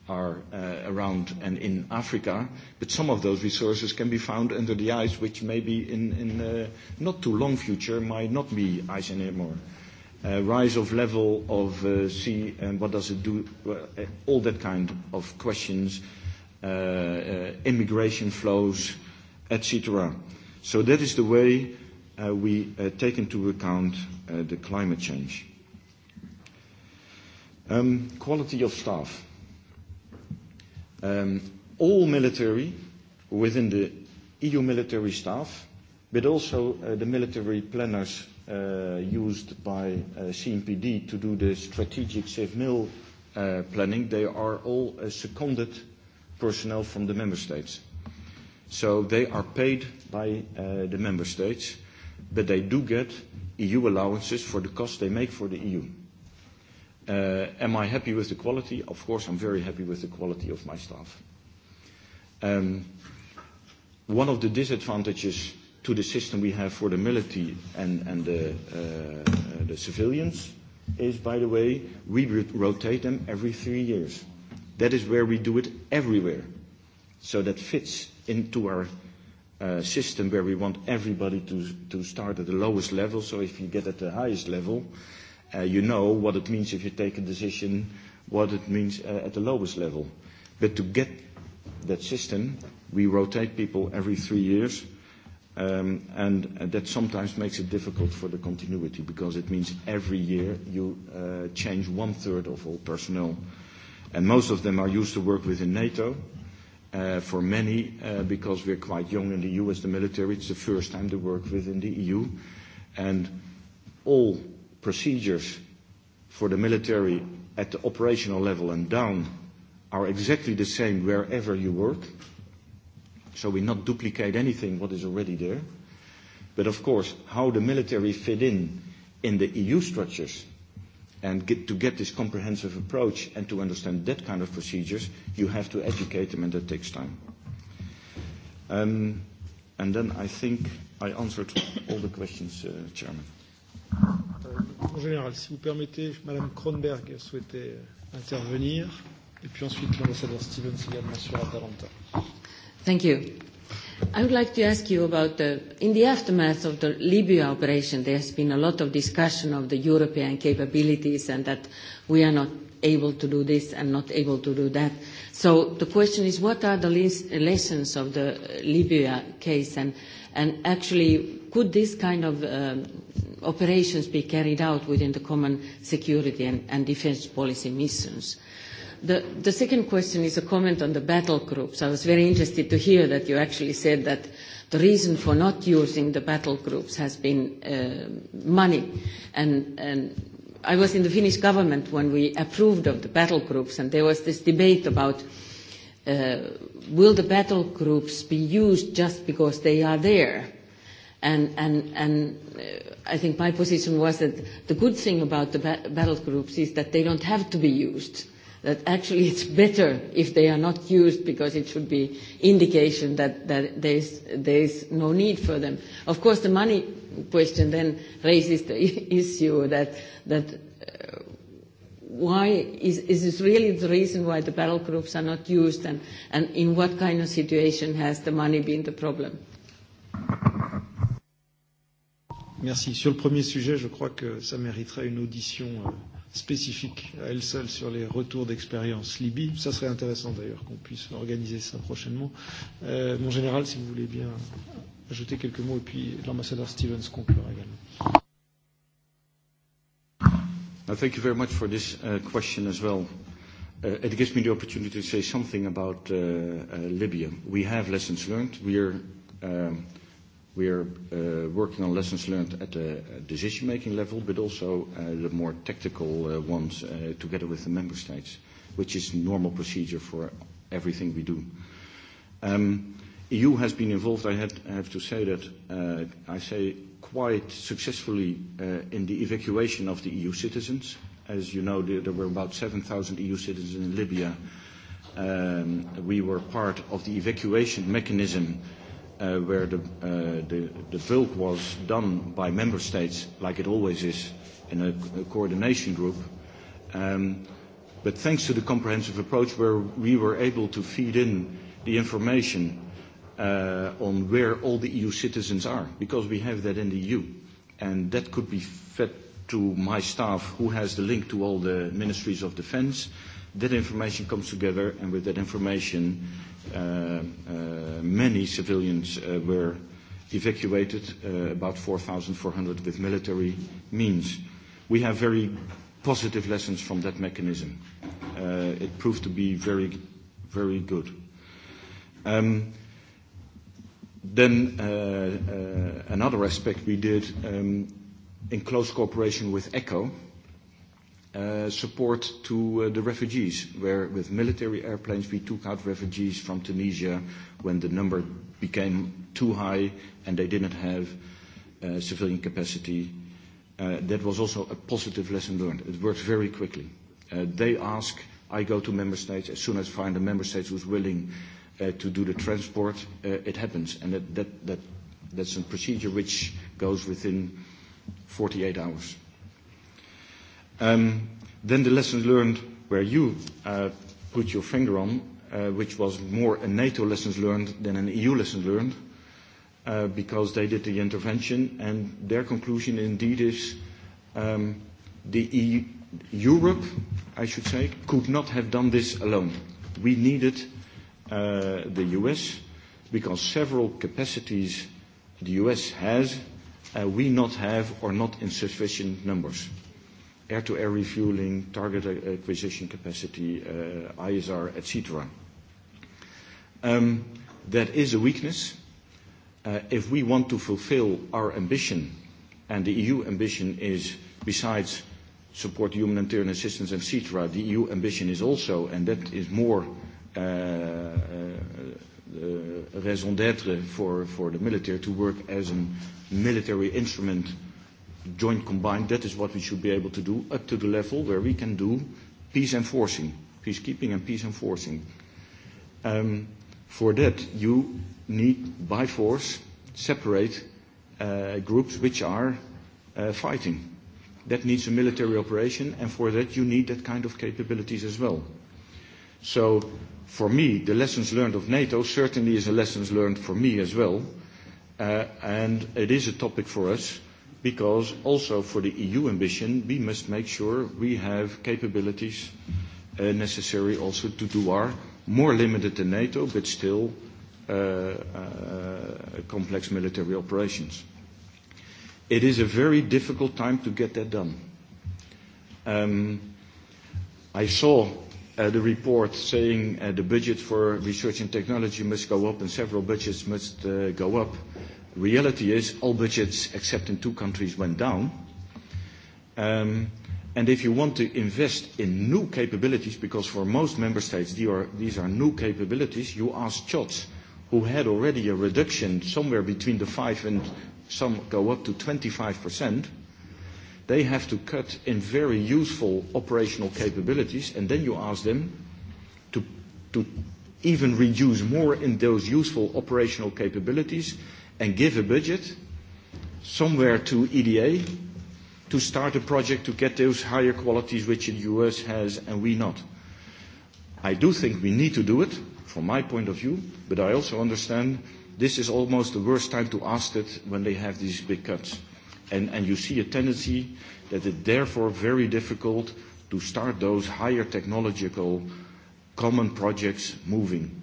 are uh, around and in Africa, but some of those resources can be found under the ice, which maybe in, in uh, not too long future might not be ice anymore. Uh, rise of level of uh, sea and what does it do, uh, all that kind of questions, uh, uh, immigration flows, etc. So that is the way uh, we uh, take into account uh, the climate change. Um, quality of staff. Um, all military within the EU military staff, but also uh, the military planners uh, used by uh, CMPD to do the strategic safe mill uh, planning, they are all uh, seconded personnel from the member states. So they are paid by uh, the member states, but they do get EU allowances for the cost they make for the EU. Uh, am I happy with the quality? Of course, I'm very happy with the quality of my staff. one of the disadvantages to the system we have for the military and, and the, uh, the civilians is, by the way, we rotate them every three years. That is where we do it everywhere. So that fits into our uh, system where we want everybody to, to start at the lowest level. So if you get at the highest level, uh, you know what it means if you take a decision, what it means uh, at the lowest level. But to get that system, we rotate people every three years, um, and that sometimes makes it difficult for the continuity because it means every year you uh, change one third of all personnel. And most of them are used to work within NATO. Uh, for many, uh, because we're quite young in the U.S., as the military, it's the first time they work within the EU. And all procedures for the military at the operational level and down are exactly the same wherever you work. So we not duplicate anything what is already there. But of course, how the military fit in in the EU structures and get, to get this comprehensive approach and to understand that kind of procedures, you have to educate them and that takes time. Um, and then I think I answered all the questions, uh, Chairman. En général, si vous permettez, Madame Kronberg souhaitait intervenir, et puis ensuite l'ambassadeur Stevens également sur Atalanta. Thank you. I would like to ask you about the, in the aftermath of the Libya operation, there has been a lot of discussion of the European capabilities and that we are not able to do this and not able to do that. So the question is, what are the lessons of the Libya case? And, and actually, could this kind of um, operations be carried out within the common security and, and defence policy missions. The, the second question is a comment on the battle groups. I was very interested to hear that you actually said that the reason for not using the battle groups has been uh, money. And, and I was in the Finnish government when we approved of the battle groups, and there was this debate about uh, will the battle groups be used just because they are there? And, and, and uh, I think my position was that the good thing about the ba- battle groups is that they don't have to be used. That actually it's better if they are not used because it should be indication that, that there, is, there is no need for them. Of course, the money question then raises the issue that, that uh, why is, is this really the reason why the battle groups are not used and, and in what kind of situation has the money been the problem? Merci. Sur le premier sujet, je crois que ça mériterait une audition spécifique à elle seule sur les retours d'expérience Libye. Ça serait intéressant d'ailleurs qu'on puisse organiser ça prochainement. Euh, mon général, si vous voulez bien ajouter quelques mots, et puis l'ambassadeur Stevens conclura également. Thank you very much for this uh, question as well. Uh, it gives me the opportunity to say something about uh, uh, Libya. We have lessons learned. We are um, We are working on lessons learned at the decision-making level, but also the more tactical ones together with the member states, which is normal procedure for everything we do. EU has been involved, I have to say that, I say quite successfully, in the evacuation of the EU citizens. As you know, there were about 7,000 EU citizens in Libya. We were part of the evacuation mechanism where the, the, the bulk was done by member states, like it always is in a, coordination group. but thanks to the comprehensive approach, where we were able to feed in the information on where all the EU citizens are, because we have that in the EU, and that could be fed to my staff, who has the link to all the ministries of defence. That information comes together, and with that information uh, many civilians uh, were evacuated, uh, about 4,400 with military means. We have very positive lessons from that mechanism. Uh, it proved to be very, very good. Um, then uh, uh, another aspect we did um, in close cooperation with ECHO, uh, support to uh, the refugees, where with military airplanes we took out refugees from Tunisia when the number became too high and they didn't have uh, civilian capacity. Uh, that was also a positive lesson learned. It worked very quickly. Uh, they ask, I go to member states, as soon as I find a member state who's willing uh, to do the transport, uh, it happens. And that, that, that, that's a procedure which goes within 48 hours. Um, then the lessons learned where you uh, put your finger on, uh, which was more a NATO lessons learned than an EU lessons learned, uh, because they did the intervention, and their conclusion indeed is um, the EU, Europe, I should say, could not have done this alone. We needed uh, the US because several capacities the US has, uh, we not have or not in sufficient numbers air-to-air refueling, target acquisition capacity, ISR, etc. cetera. that is a weakness. if we want to fulfill our ambition, and the EU ambition is, besides support humanitarian assistance, etc., the EU ambition is also, and that is more raison d'être for, for the military, to work as a military instrument joint combined, that is what we should be able to do up to the level where we can do peace enforcing, peacekeeping and peace enforcing. Um, for that, you need by force separate uh, groups which are uh, fighting. That needs a military operation, and for that, you need that kind of capabilities as well. So, for me, the lessons learned of NATO certainly is a lessons learned for me as well, uh, and it is a topic for us because also for the EU ambition, we must make sure we have capabilities necessary also to do our more limited than NATO, but still complex military operations. It is a very difficult time to get that done. I saw the report saying the budget for research and technology must go up and several budgets must go up. Reality is all budgets except in two countries went down. Um, and if you want to invest in new capabilities, because for most member states these are, these are new capabilities, you ask CHOTS, who had already a reduction somewhere between the 5 and some go up to 25%, they have to cut in very useful operational capabilities, and then you ask them to, to even reduce more in those useful operational capabilities and give a budget somewhere to EDA to start a project to get those higher qualities which the US has and we not. I do think we need to do it from my point of view, but I also understand this is almost the worst time to ask it when they have these big cuts. And, and you see a tendency that it's therefore very difficult to start those higher technological common projects moving.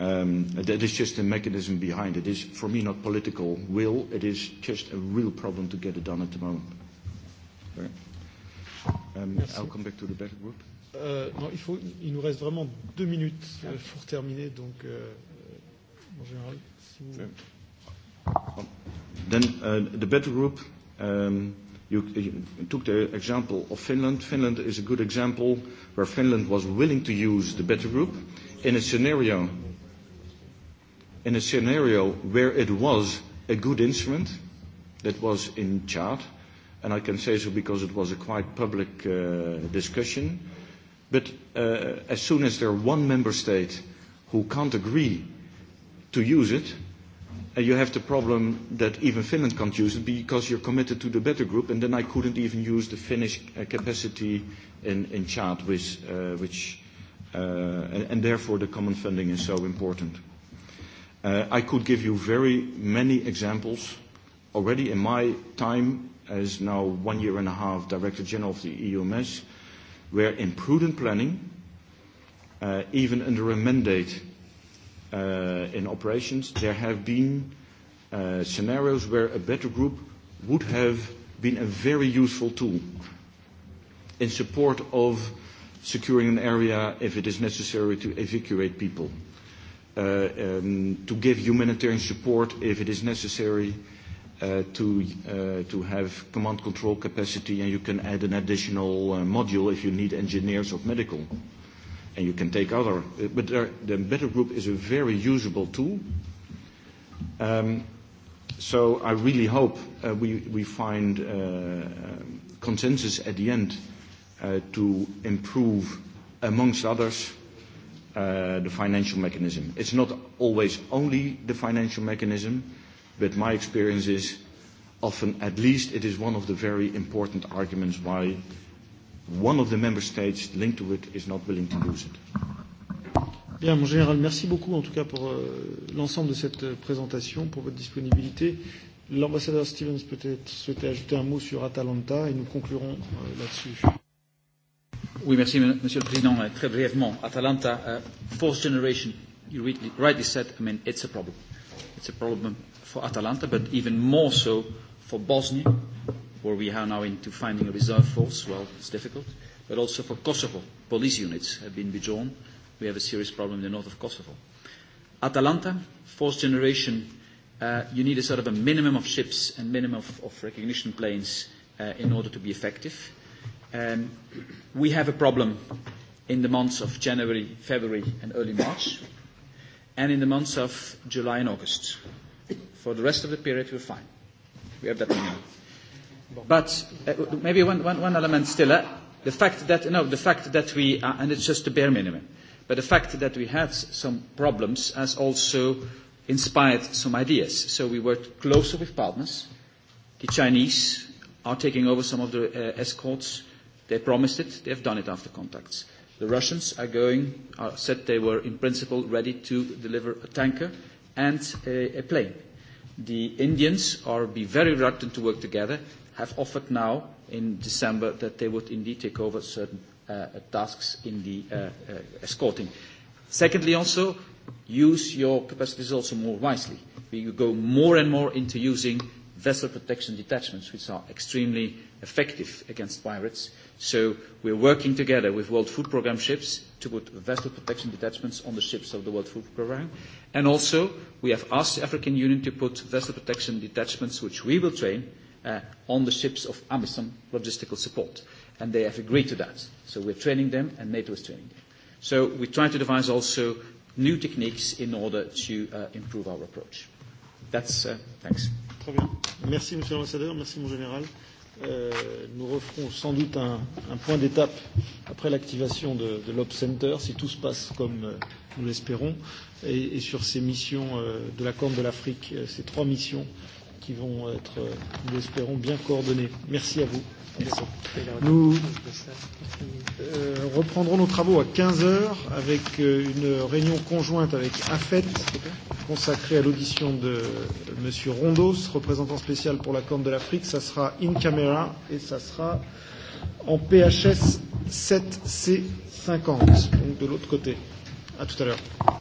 Um, that is just a mechanism behind it. It Is for me not political will. It is just a real problem to get it done at the moment. Right. Um, I'll come back to the back group. Euh, non, il, faut, il nous reste vraiment deux minutes euh, pour terminer, donc euh, en général, si vous. Then uh, the better group. Um, you, you took the example of Finland. Finland is a good example where Finland was willing to use the better group in a scenario in a scenario where it was a good instrument that was in chart, and I can say so because it was a quite public uh, discussion. But uh, as soon as there are one member state who can't agree to use it, uh, you have the problem that even Finland can't use it because you're committed to the better group, and then I couldn't even use the Finnish uh, capacity in, in chart, with, uh, which, uh, and, and therefore the common funding is so important. I could give you very many examples. Already in my time as now one year and a half Director General of the EUMS, where in prudent planning, even under a mandate in operations, there have been scenarios where a better group would have been a very useful tool in support of securing an area if it is necessary to evacuate people uh, um, to give humanitarian support if it is necessary, uh, to, uh, to have command control capacity, and you can add an additional uh, module if you need engineers or medical. And you can take other, but there, the better group is a very usable tool. Um, so I really hope uh, we, we find uh, consensus at the end uh, to improve, amongst others, uh, the financial mechanism. It's not always only the financial mechanism, but my experience is often at least it is one of the very important arguments why one of the member states linked to it is not willing to use it. Bien, mon général, merci beaucoup en tout cas pour euh, l'ensemble de cette présentation, pour votre disponibilité. L'ambassadeur Stevens peut-être souhaitait ajouter un mot sur Atalanta et nous conclurons euh, là-dessus. Oui, merci, Monsieur le Président. Très brièvement, Atalanta, uh, fourth generation, you rightly said, I mean, it's a problem. It's a problem for Atalanta, but even more so for Bosnia, where we are now into finding a reserve force. Well, it's difficult. But also for Kosovo, police units have been withdrawn. We have a serious problem in the north of Kosovo. Atalanta, fourth generation, uh, you need a sort of a minimum of ships and minimum of, of recognition planes uh, in order to be effective Um, we have a problem in the months of January, February, and early March, and in the months of July and August. For the rest of the period, we're fine. We have that minimum. But uh, maybe one, one, one element still. Uh, the fact that no, the fact that we are and it's just the bare minimum, but the fact that we had some problems has also inspired some ideas. So we worked closer with partners. The Chinese are taking over some of the uh, escorts They promised it. They have done it after contacts. The Russians are going, uh, said they were in principle ready to deliver a tanker and a, a plane. The Indians are be very reluctant to work together, have offered now in December that they would indeed take over certain uh, tasks in the uh, uh, escorting. Secondly, also, use your capacities also more wisely. We go more and more into using vessel protection detachments, which are extremely effective against pirates. So we're working together with World Food Programme ships to put vessel protection detachments on the ships of the World Food Programme. And also, we have asked the African Union to put vessel protection detachments, which we will train, uh, on the ships of AMISOM logistical support. And they have agreed to that. So we're training them, and NATO is training them. So we try to devise also new techniques in order to uh, improve our approach. That's uh, thanks. Très bien. Merci, monsieur l'ambassadeur. Merci, mon général. Euh, nous referons sans doute un, un point d'étape après l'activation de, de l'Op Center, si tout se passe comme euh, nous l'espérons, et, et sur ces missions euh, de la Corne de l'Afrique, euh, ces trois missions qui vont être, nous espérons, bien coordonnées. Merci à vous. Merci. Nous reprendrons nos travaux à 15 heures avec une réunion conjointe avec AFET consacrée à l'audition de M. Rondos, représentant spécial pour la Corne de l'Afrique. Ça sera in camera et ça sera en PHS 7C50, donc de l'autre côté. À tout à l'heure.